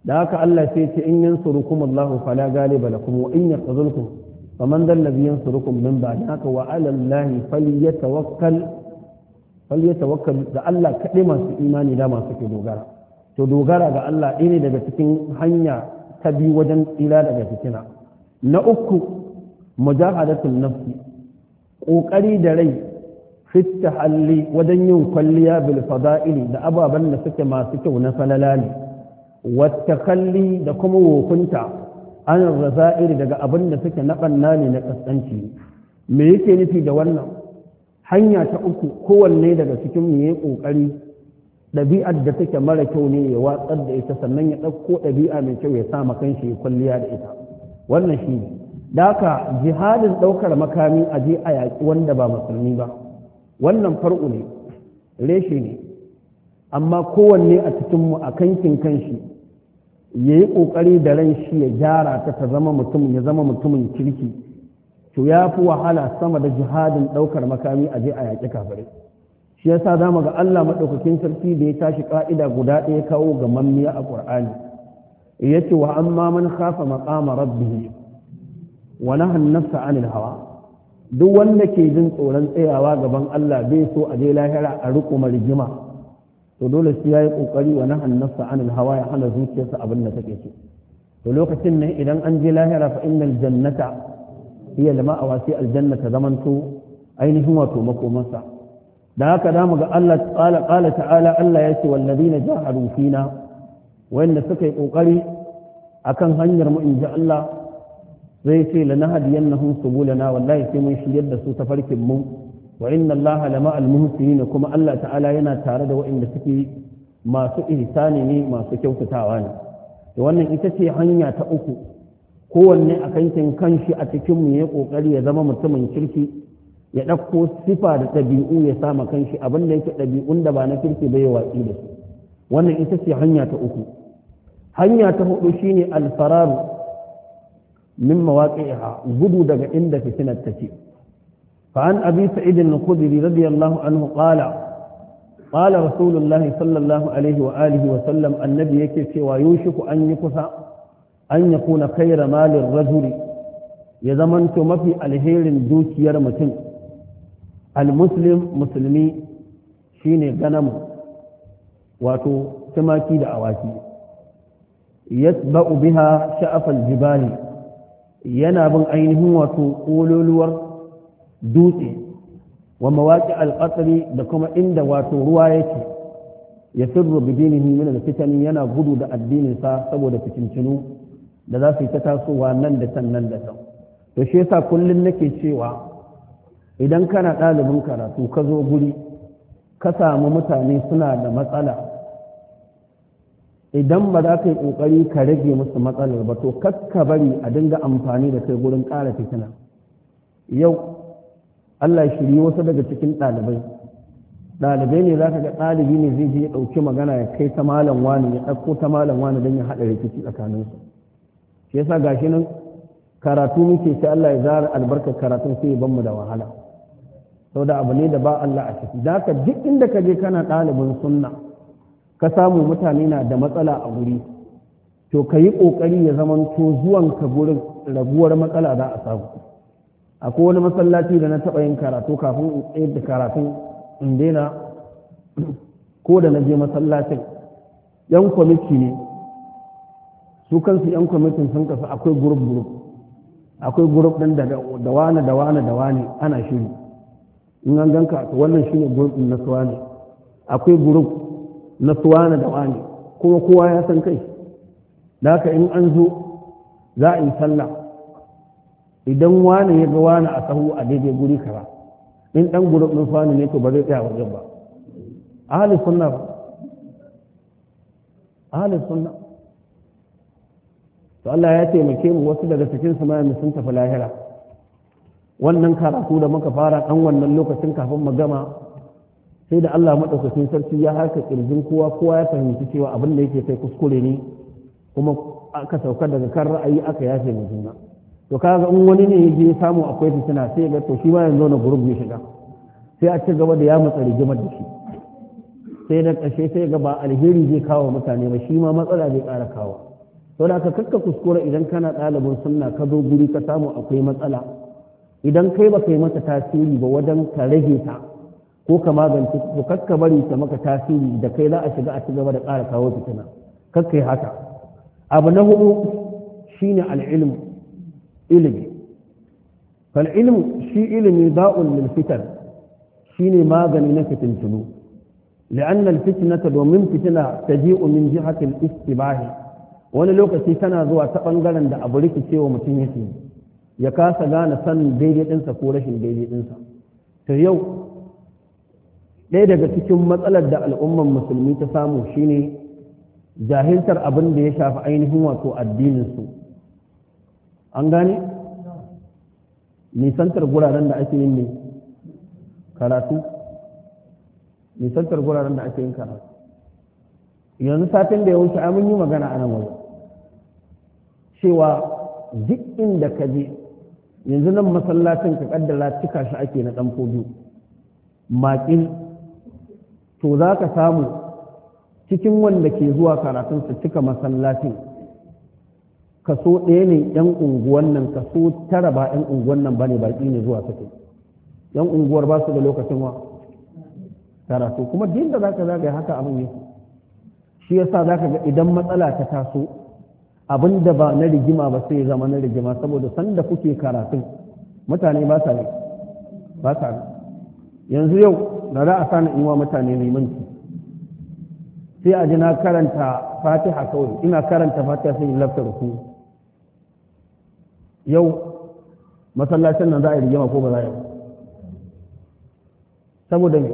da haka Allah sai ce in yansurukum Allahu fala ghaliba lakum wa in yakhzulkum faman dhal ladhi yansurukum min ba'di haka wa 'ala Allahi falyatawakkal falyatawakkal da Allah kaɗai masu imani da masu ke dogara to dogara ga Allah ɗaya ne daga cikin hanya ta biyu wajen tsira daga fitina na uku mujahadatul nafsi kokari da rai fitta tahalli wajen yin kwalliya bil fada'ili da ababen da suke masu kyau na falalali watakalli da kuma wofinta an raza'iri daga abin da suke na ɓanna ne na ƙasƙanci me yake nufi da wannan hanya ta uku kowanne daga cikin mu yi ƙoƙari ɗabi'ar da take mara kyau ne ya watsar da ita sannan ya ɗauko ɗabi'a mai kyau ya sa kanshi ya kwalliya da ita wannan shi ne da jihadin ɗaukar makami a je a yaƙi wanda ba musulmi ba wannan farƙu ne reshe ne amma kowanne a cikinmu a kankin kanshi ya yi ƙoƙari da ran shi ya gyara ta ta zama mutum ya zama mutumin kirki to ya fi wahala sama da jihadin ɗaukar makami a je a yaƙi kafirai shi yasa za mu ga Allah maɗaukakin sarki da ya tashi ƙa'ida guda ɗaya kawo ga mammiya a ƙur'ani ya ce wa amma man kafa maqama rabbihi wa nahan nafsa anil hawa duk wanda ke jin tsoron tsayawa gaban Allah bai so a je lahira a riƙo rigima to dole sai yayi kokari wa nahan nafsa anin hawa ya hana zuciyarsa abin da take so to lokacin ne idan an je lahira fa innal jannata hiya al aljanna ta zamanto ainihin wato makomansa da haka da mu ga Allah ta'ala qala ta'ala Allah yace wallazina jahadu fina wanda suka yi kokari akan hanyar mu inji Allah zai ce lanahadiyannahum subulana wallahi sai mun shiryar da su tafarkin mu wa inna allaha lama almuhsinin kuma Allah ta'ala yana tare da waɗanda suke masu ihsani ne masu kyautatawa ne to wannan ita ce hanya ta uku kowanne a kankin kanshi a cikin mu ya kokari ya zama mutumin kirki ya ɗauko sifa da ɗabi'u ya sama kanshi abin da yake ɗabi'un da ba na kirki bai watsi da su wannan ita ce hanya ta uku hanya ta hudu shine alfararu min mawaqi'iha gudu daga inda fitinar take فعن أبي سعيد الخدري رضي الله عنه قال قال رسول الله صلى الله عليه وآله وسلم النبي يكفي ويوشك أن يكفى أن يكون خير مال الرجل يزمن ما في الهير دوك يرمتن المسلم مسلمي شيني غنم واتو تماكي دعواتي يتبأ بها شأف الجبال ينابن أينه واتو قولوا dutse wa mawaki alƙasari da kuma inda wato ruwa yake ya sirru bidinihi da fitani yana gudu da addininsa saboda fitincinu da za su yi ta tasowa nan da can nan da can to shi yasa kullum nake cewa idan kana ɗalibin karatu ka zo guri ka samu mutane suna da matsala idan ba za ka yi ƙoƙari ka rage musu matsalar ba to kakka bari a dinga amfani da kai gurin ƙara fitina yau Allah ya shiri wasu daga cikin ɗalibai ɗalibai ne za ka ga ɗalibi ne zai je ya ɗauki magana ya kai ta malam wani ya ɗauko ta malam wani don ya haɗa rikici tsakaninsu shi yasa gashi nan karatu muke sai Allah ya zara albarkar karatu sai ya ban mu da wahala sau da abu ne da ba Allah a ciki za ka duk inda ka je kana ɗalibin sunna ka samu mutane na da matsala a guri to ka yi ƙoƙari ya zamanto zuwanka gurin raguwar matsala za a samu akwai wani masallaci da na taɓa yin karatu kafin in tsayar da karatun in daina ko da na je masallacin yan kwamiti ne su kansu yan kwamitin sun kasu akwai gurup gurup akwai gurup ɗin da da wane da wane da wane ana shiri in an ganka wannan shine gurup ɗin na suwa akwai gurup na suwa da wane kuma kowa ya san kai da haka in an zo za a yi sallah idan wani ya ga wani a sahu a daidai guri kara in dan gurin fani ne to ba zai tsaya wajen ba ahli sunna ba ahli sunna to Allah ya taimake mu wasu daga cikin su mu sun tafi lahira wannan karatu da muka fara dan wannan lokacin kafin mu gama sai da Allah maɗaukacin sarki ya harka kirjin kowa kowa ya fahimci cewa abin da yake kai kuskure ne kuma aka sauka daga kan ra'ayi aka yafe mu juna to kaga in wani ne ya je samu akwai fitina sai ga to shi ma yanzu na gurub ya shiga sai a ci gaba da ya matsa rigimar da shi sai na ƙarshe sai ga ba alheri zai kawo mutane ba shi ma matsala zai ƙara kawo to da ka kakka kuskura idan kana ɗalibin sunna ka zo guri ka samu akwai matsala idan kai ba kai mata tasiri ba wajen ka rage ta ko ka magance to kakka bari ta maka tasiri da kai za a shiga a ci gaba da ƙara kawo fitina kakka yi haka abu na hudu shine al'ilmu ilimi fal ilmu shi ilimi ba'un shine magani na fitintunu لأن الفتنة domin ta fitina تجيء من جهة الاستباحة wani lokaci tana zuwa ta ɓangaren da abu rikicewa mutum yake ya kasa gane sanin daidai ɗinsa ko rashin daidai ɗinsa ta yau ɗaya daga cikin matsalar da al'ummar musulmi ta samu shine jahiltar abin da ya shafi ainihin wato addinin su. an gane nisantar guraren da ake yin ne karatu nisantar guraren da ake yin karatu yanzu satin da ya wuce mun yi magana a nan wajen cewa duk inda ka je yanzu nan masallacin ka kaddara cika shi ake na ɗanfo biyu makin to za ka samu cikin wanda ke zuwa karatun su cika masallacin kaso ɗaya ne yan unguwan nan kaso tara ba yan unguwan nan bane baki ne zuwa suke yan unguwar ba su da lokacin wa karatu kuma din da zaka zagaya haka abin yake shi yasa zaka ga idan matsala ta taso abin da ba na rigima ba sai zama na rigima saboda sanda kuke karatun mutane ba sa ba sa yanzu yau da za a sani in wa mutane minti. sai a ji na karanta fatiha kawai ina karanta fatiha sai in lafta ruku yau masallacin nan za a yi rigima ko ba za a yi saboda me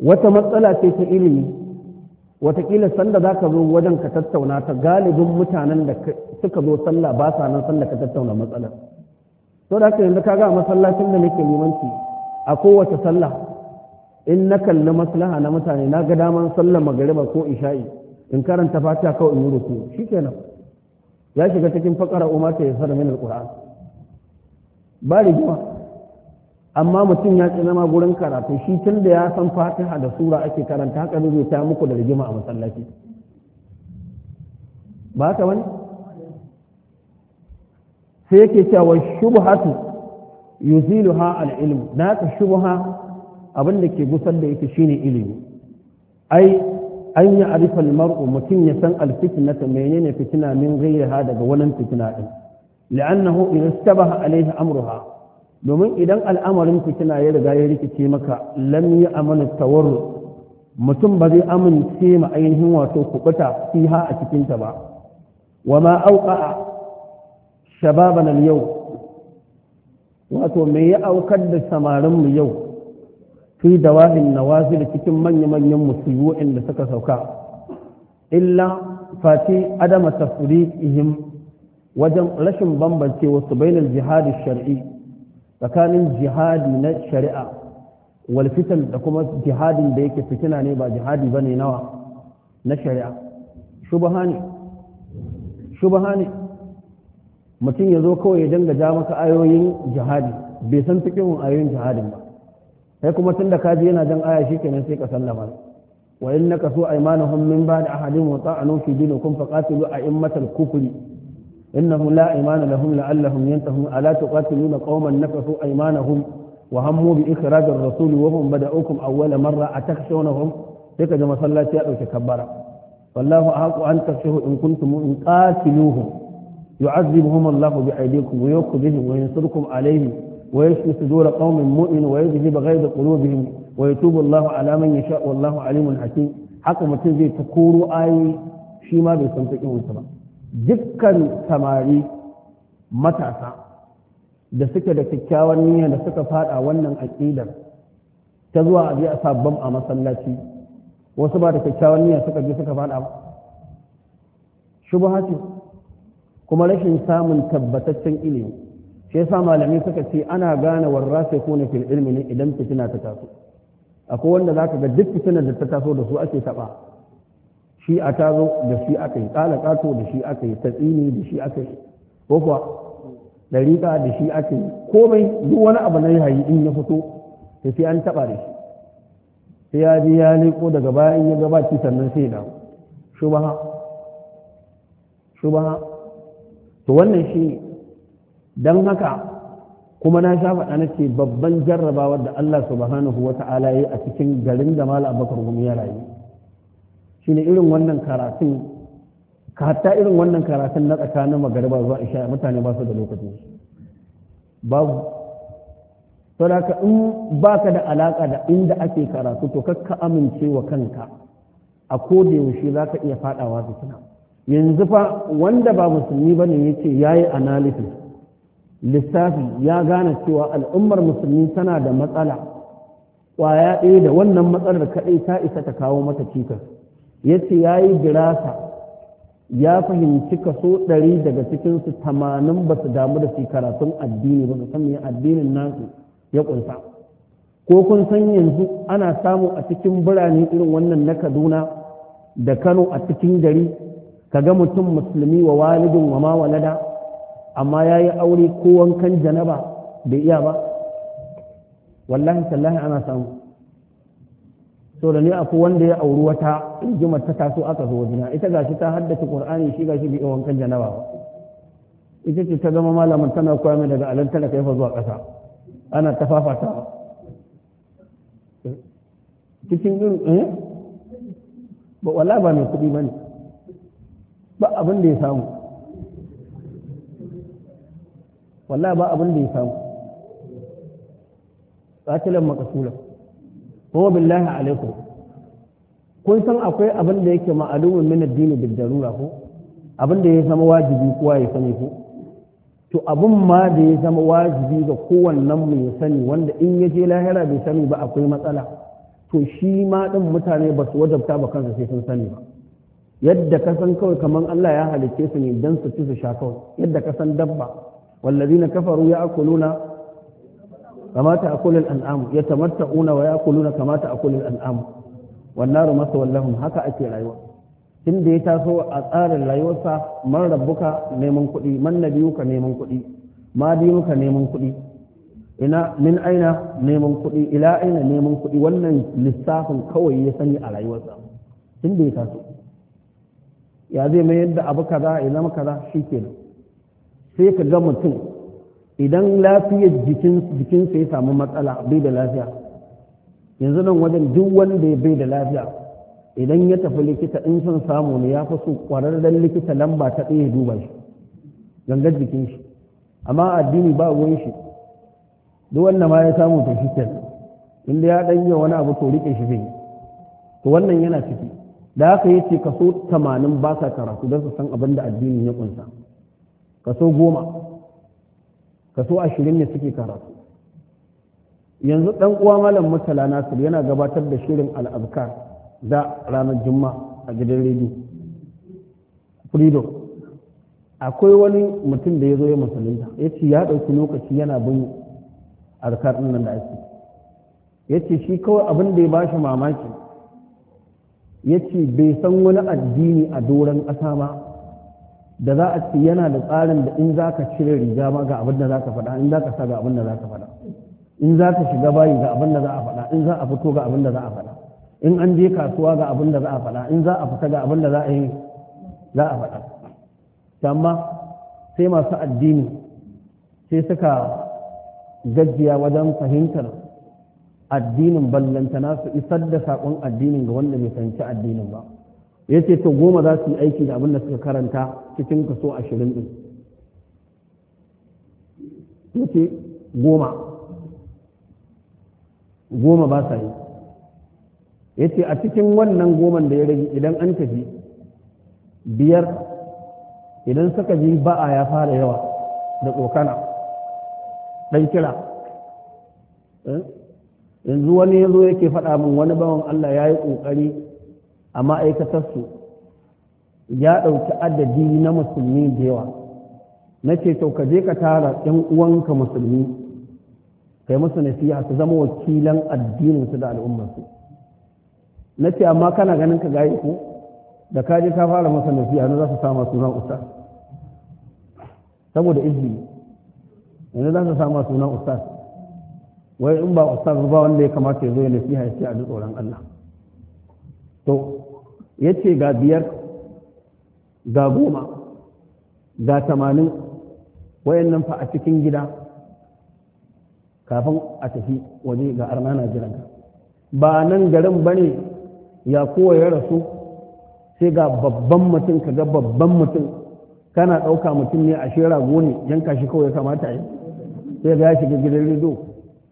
wata matsala ce ta ilimi watakila sanda za ka zo wajen ka tattauna ta galibin mutanen da suka zo sallah ba sa nan sanda ka tattauna matsala to da haka yanzu ka ga masallacin da nake limanci a kowace sallah in na kalli maslaha na mutane na ga daman sallar magariba ko isha'i in karanta fatiha kawai in yi ruku shikenan ya shiga cikin fakara umar ta da min alquran ba rigima amma mutum ya tsina ma gurin karatu shi tun da ya san fatiha da sura ake karanta haka zai ta muku da rigima a masallaci ba ka wani sai yake cewa shubhatu yuziluha al-ilm naka shubha abin da ke gusar da yake shine ilimi ai an yi arifal mar'u mutum ya san ta menene fitina min ha daga wannan fitina din la'annahu idza istabaha alaihi amruha domin idan al'amarin fitina ya riga ya rikice maka lam ya amana tawarru mutum ba zai amince ma ainihin wato kubuta fiha a cikin ta ba wa ma auqa shababan al yau wato me ya aukar da samarin mu yau fi dawahin nawazil cikin manya-manyan musibu inda suka sauka illa fati adama tafriqihim wajen rashin bambance wasu bainal jihadi shar'i tsakanin jihadi na shari'a wal fitan da kuma jihadin da yake fitina ne ba jihadi bane nawa na shari'a shubhani shubhani mutum ya zo kawai ya danga jama'a maka ayoyin jihadi bai san cikin ayoyin jihadin ba kai kuma tun ka ji yana jan aya kenan sai ka sallama wa a su aymanuhum min ba'di ahadin a ta'anu fi dinikum In a'immatal kufri innahu la aymana lahum la'allahum yantahun ala tuqatiluna qauman nakasu aymanahum wa hammu bi ikhrajir rasuli wa hum bada'ukum awwala marra atakhshawunahum sai ka ji masallaci ya dauke kabbara wallahu ahaqu an takshahu in kuntum in qatiluhum yu'adhibuhum Allahu bi aydikum wa yukhzihim wa yansurukum alayhim ويشفي صدور قوم مؤمن ويذهب غيظ قلوبهم ويتوب الله على من يشاء والله عليم حكيم haka mutum zai ta koro ayi shi ma bai san fiƙin wasu ba dukkan samari matasa da suke da kyakkyawan niyya da suka fada wannan aƙidar ta zuwa a biya sabon a masallaci wasu ba da kyakkyawan niyya suka je suka fada ba shubha ce kuma rashin samun tabbataccen ilimi shi yasa malami suka ce ana gane sai ko na fil ilmi ne idan fitina ta taso akwai wanda zaka ga duk fitinar da ta taso da su ake taba shi a tazo da shi aka yi ƙato da shi aka yi tatsini da shi aka yi ko kuwa dariƙa da shi aka yi komai duk wani abu na yayi in ya fito to sai an taba da shi sai ya je ya leko daga in ya gabaci sannan sai ya dawo shubaha shubaha to wannan shi don haka kuma na sha faɗa na ce babban jarrabawa da Allah subhanahu wa ta'ala ya a cikin garin da mala abakar gumi ya rayu shine irin wannan karatun ka hatta irin wannan karatun na tsakanin magariba zuwa isha mutane ba su da lokaci babu saboda in baka da alaka da inda ake karatu to kakka amince wa kanka a ko da yaushe za ka iya fadawa fitina yanzu fa wanda ba musulmi bane yace yayi analysis lissafi ya gane cewa al'ummar musulmi tana da matsala ƙwaya ɗaya da wannan matsalar kaɗai ta isa ta kawo mata cikas ya ce ya yi girasa ya fahimci kaso ɗari daga cikin su tamanin ba su damu da su karatun addini ba su san me addinin nasu ya ƙunsa ko kun san yanzu ana samu a cikin birane irin wannan na kaduna da kano a cikin gari ga mutum musulmi wa walidin wa ma walada amma ya yi aure ko wankan janaba bai iya ba wallahi tallahi ana samu so da ne akwai wanda ya auri wata rigimar ta taso aka zo zina ita gashi ta haddace qur'ani shi shi bai iya wankan janaba ba ita ce ta zama malamin tana koya mai daga alan talaka yafa zuwa ƙasa ana ta fafata cikin yin eh ba wala ba mai kuɗi ba ne ba abin da ya samu wallahi ba abin da ya samu qatilan makasula ko billahi alaikum kun san akwai abin da yake ma'alumin min addini bil darura ko abin da ya zama wajibi kowa ya sani ko to abin ma da ya zama wajibi ga kowannen mu ya sani wanda in yaje je lahira bai sani ba akwai matsala to shi ma din mutane ba su wajabta ba kansa sai sun sani ba yadda ka san kawai kamar Allah ya halicce su ne dan su ci su sha kawai yadda ka san dabba والذين كفروا يأكلون كما تأكل الأنعام يتمتعون ويأكلون كما تأكل الأنعام والنار مثوى لهم هكا أكي رأيوة tun da ya taso a tsarin rayuwarsa man rabbuka neman kuɗi man nabiyuka neman kuɗi ma dinuka neman kuɗi ina aina neman kuɗi ila aina neman kuɗi wannan lissafin kawai ya sani a rayuwarsa tun da ya taso ya zai mayar da abu kaza ya zama shi kenan sai ka ga mutum idan lafiyar jikinsa ya samu matsala bai da lafiya yanzu nan wajen duk wanda ya bai da lafiya idan ya tafi likita in son samu ne ya fi so kwararren likita lamba ta ɗaya duba shi gangar jikin shi amma addini ba wani shi duk wanda ma ya samu to shi inda ya ɗanya wani abu to riƙe shi zai to wannan yana ciki da haka yace kaso tamanin ba sa karatu don su san abin da addini ya ƙunsa. kaso goma kaso ashirin ne suke karatu yanzu ɗan uwa malam mutala nasir yana gabatar da shirin al'azkar da ranar juma'a a gidan rediyo frido akwai wani mutum da ya zo ya musulunta ya ce ya ɗauki lokaci yana bin azkar nan da ake ya ce shi kawai abin da ya ba shi mamaki ya ce bai san wani addini a doron ƙasa ba da za a ce yana da tsarin da in za ka cire riga ma ga abin da za ka faɗa in za ka sa ga abin da za ka faɗa in za ka shiga bayi ga abin da za a faɗa in za a fito ga abin da za a faɗa in an je kasuwa ga abin da za a faɗa in za a fita ga abin da za a yi za a faɗa amma sai masu addini sai suka gajiya wajen fahimtar addinin ballantana su isar da saƙon addinin ga wanda bai fahimci addinin ba ya ce to goma za su yi aiki da abin da suka karanta cikin kaso ashirin ɗin ya ce goma goma ba sa yi ya ce a cikin wannan goman da ya rage idan an tafi biyar idan suka ji ba'a ya fara yawa da tsokana ɗan kira eh? yanzu wani ya zo yake faɗa min wani bawan Allah ya yi ƙoƙari a ma'aikatarsu ya ɗauki adadi na musulmi da yawa na ce to ka je ka tara ɗan uwanka musulmi kai musu nasiha su zama wakilan addininsu da al'ummarsu na ce amma kana ganin ka gaye ko da ka je ka fara masa nasiha na za su sama sunan ustaz saboda izini yanzu za su sama sunan ustaz wai in ba ustaz ba wanda ya kamata ya zo ya nasiha ya ce a tsoron Allah to ya ce ga biyar ga goma ga tamanin wayannan fa a cikin gida kafin a tafi waje ga arna na ba nan garin ba ne ya kowa ya rasu sai ga babban mutum ka ga babban mutum kana ɗauka mutum ne a shera goni yanka shi kawai kamata yi sai ga ya shiga gidan rido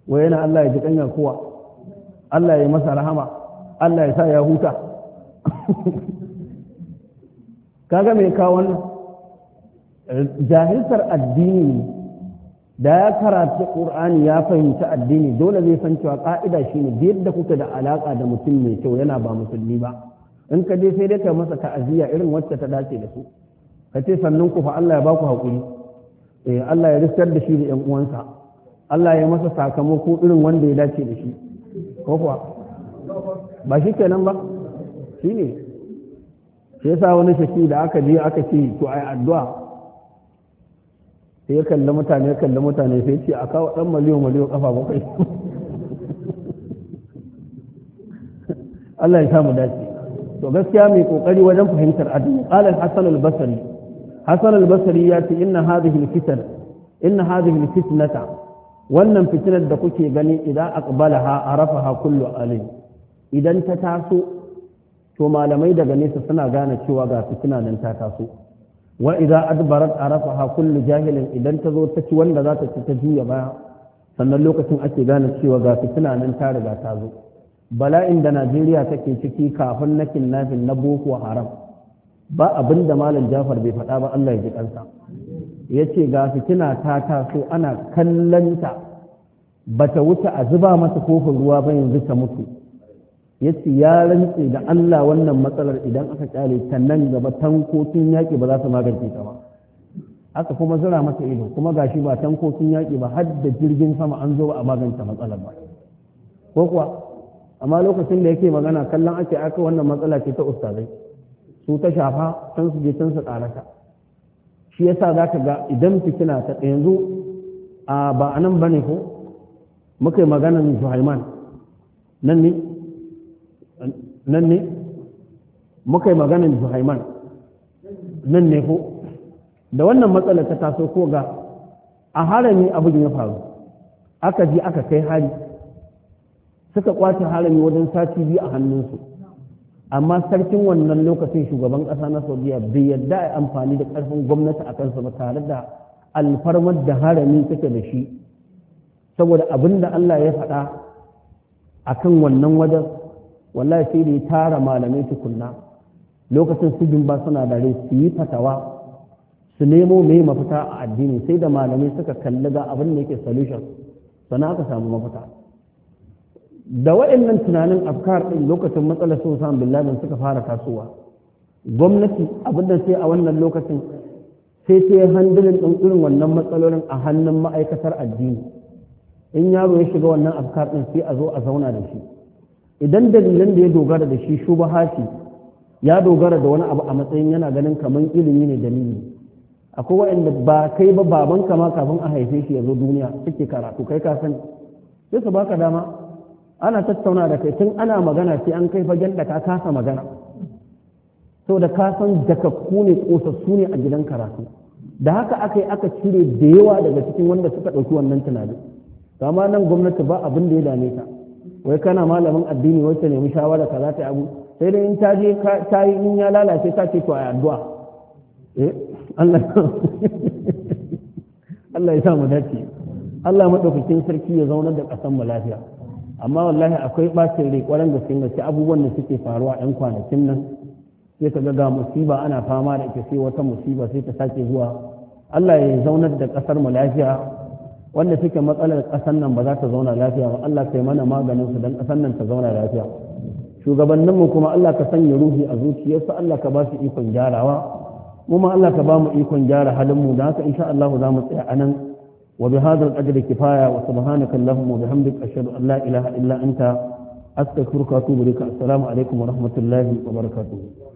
wayana Allah ya ji kanya kowa Allah ya masa rahama Allah ya sa ya huta kaga mai kawon jahilsar addini da ya karatu ƙur'ani ya fahimci addini dole zai san cewa ƙa'ida shine ne yadda kuke da alaƙa da mutum mai kyau yana ba musulmi ba in ka je sai dai ka masa ta'aziyya irin wacce ta dace da su ka ce sannan ku fa Allah ya ba ku haƙuri eh Allah ya riskar da shi da ƴan uwansa Allah ya masa sakamako irin wanda ya dace da shi ko kuwa ba shi kenan ba Shi ne sai sa wani shaki da aka je aka ce to ai addu'a sai ya kalli mutane ya kalli mutane sai ce a kawo dan maliyo maliyo kafa bakwai Allah ya samu dace to gaskiya mai kokari wajen fahimtar addini qala hasan al-basri hasan al-basri ya ce inna hadhihi al-fitan inna hadhihi al-fitnata wannan fitinar da kuke gani idan aqbalaha arafaha kullu alim idan ta taso to malamai daga nesa suna gane cewa ga fitina nan ta taso wa idza adbarat arafaha kullu jahilin idan ta zo ta ci wanda za ta ci ta juya ba. sannan lokacin ake gane cewa ga fitina nan ta riga ta zo bala'in da Najeriya take ciki kafin na kinnafin na boko haram ba abin malam Jafar bai faɗa ba Allah ya ji kansa yace ga fitina ta taso ana kallanta bata wuce a zuba mata kofin ruwa ba yanzu ta mutu ya ce ya rantse da Allah wannan matsalar idan aka kyale ta nan gaba tankokin yaƙi ba za su magance ta ba aka kuma zira masa ido kuma gashi ba tankokin yaƙi ba har da jirgin sama an zo ba a magance matsalar ba ko kuwa amma lokacin da yake magana kallon ake aka wannan matsala ce ta ustazai su ta shafa can su je can su karata shi yasa za ka ga idan fitina ta yanzu ba a nan ba ne ko muka yi maganar Zuhaiman nan ne nan ne muka yi maganin zuhaiman nan ne ko da wannan matsalar ta taso ko ga a harami abin ya faru aka ji aka kai hari suka kwace harami wajen sati biyu a hannunsu amma sarkin wannan lokacin shugaban ƙasa na saudiya bai yadda a yi amfani da ƙarfin gwamnati a kansa ba tare da alfarmar da harami take da shi saboda abin da allah ya faɗa a kan wannan wajen wallahi sai da ya tara malamai tukunna lokacin su ba suna da rai su yi fatawa su nemo mai mafita a addini sai da malamai suka kalli ga abin da yake solution sana aka samu mafita da waɗannan tunanin afkar ɗin lokacin matsalar sun samun billahi suka fara tasowa gwamnati abin da sai a wannan lokacin sai ta yi handilin ɗin irin wannan matsalolin a hannun ma'aikatar addini in yaro ya shiga wannan afkar ɗin sai a zo a zauna da shi idan dalilan da ya dogara da shi shubaha hasi ya dogara da wani abu a matsayin yana ganin kamar ilimi ne dalili akwai waɗanda ba kai ba baban kama kafin a haife shi ya zo duniya suke karatu kai ka sani sai su baka dama ana tattauna da kai tun ana magana sai an kai fagen da ka kasa magana sau da ka san jakakku ne kosassu ne a gidan karatu da haka aka yi aka cire da yawa daga cikin wanda suka ɗauki wannan tunanin amma nan gwamnati ba abin da ya dame ta wai kana malamin addini wacce nemi shawara ka za ta abu sai dai in ta je ta yi in ya lalace ka ce to a addu'a eh Allah Allah ya sa mu dace Allah madaukakin sarki ya zaunar da kasan mu lafiya amma wallahi akwai bacin rai kwaran sun gaske abubuwan da suke faruwa yan kwanakin nan sai ka ga musiba ana fama da ita sai wata musiba sai ta sake zuwa Allah ya zaunar da kasar mu lafiya wanda suke matsalar ƙasar nan ba za ta zauna lafiya ba Allah kai mana maganin su dan ƙasar nan ta zauna lafiya shugabannin mu kuma Allah ka sanya ruhi a zuciyarsu Allah ka ba su ikon gyarawa mu ma Allah ka ba mu ikon gyara halin mu da haka insha Allah za mu tsaya anan wa bi hadal ajri kifaya wa subhanaka allahumma wa bihamdika ashhadu an la ilaha illa anta astaghfiruka wa atubu ilaik assalamu alaikum wa rahmatullahi wa barakatuh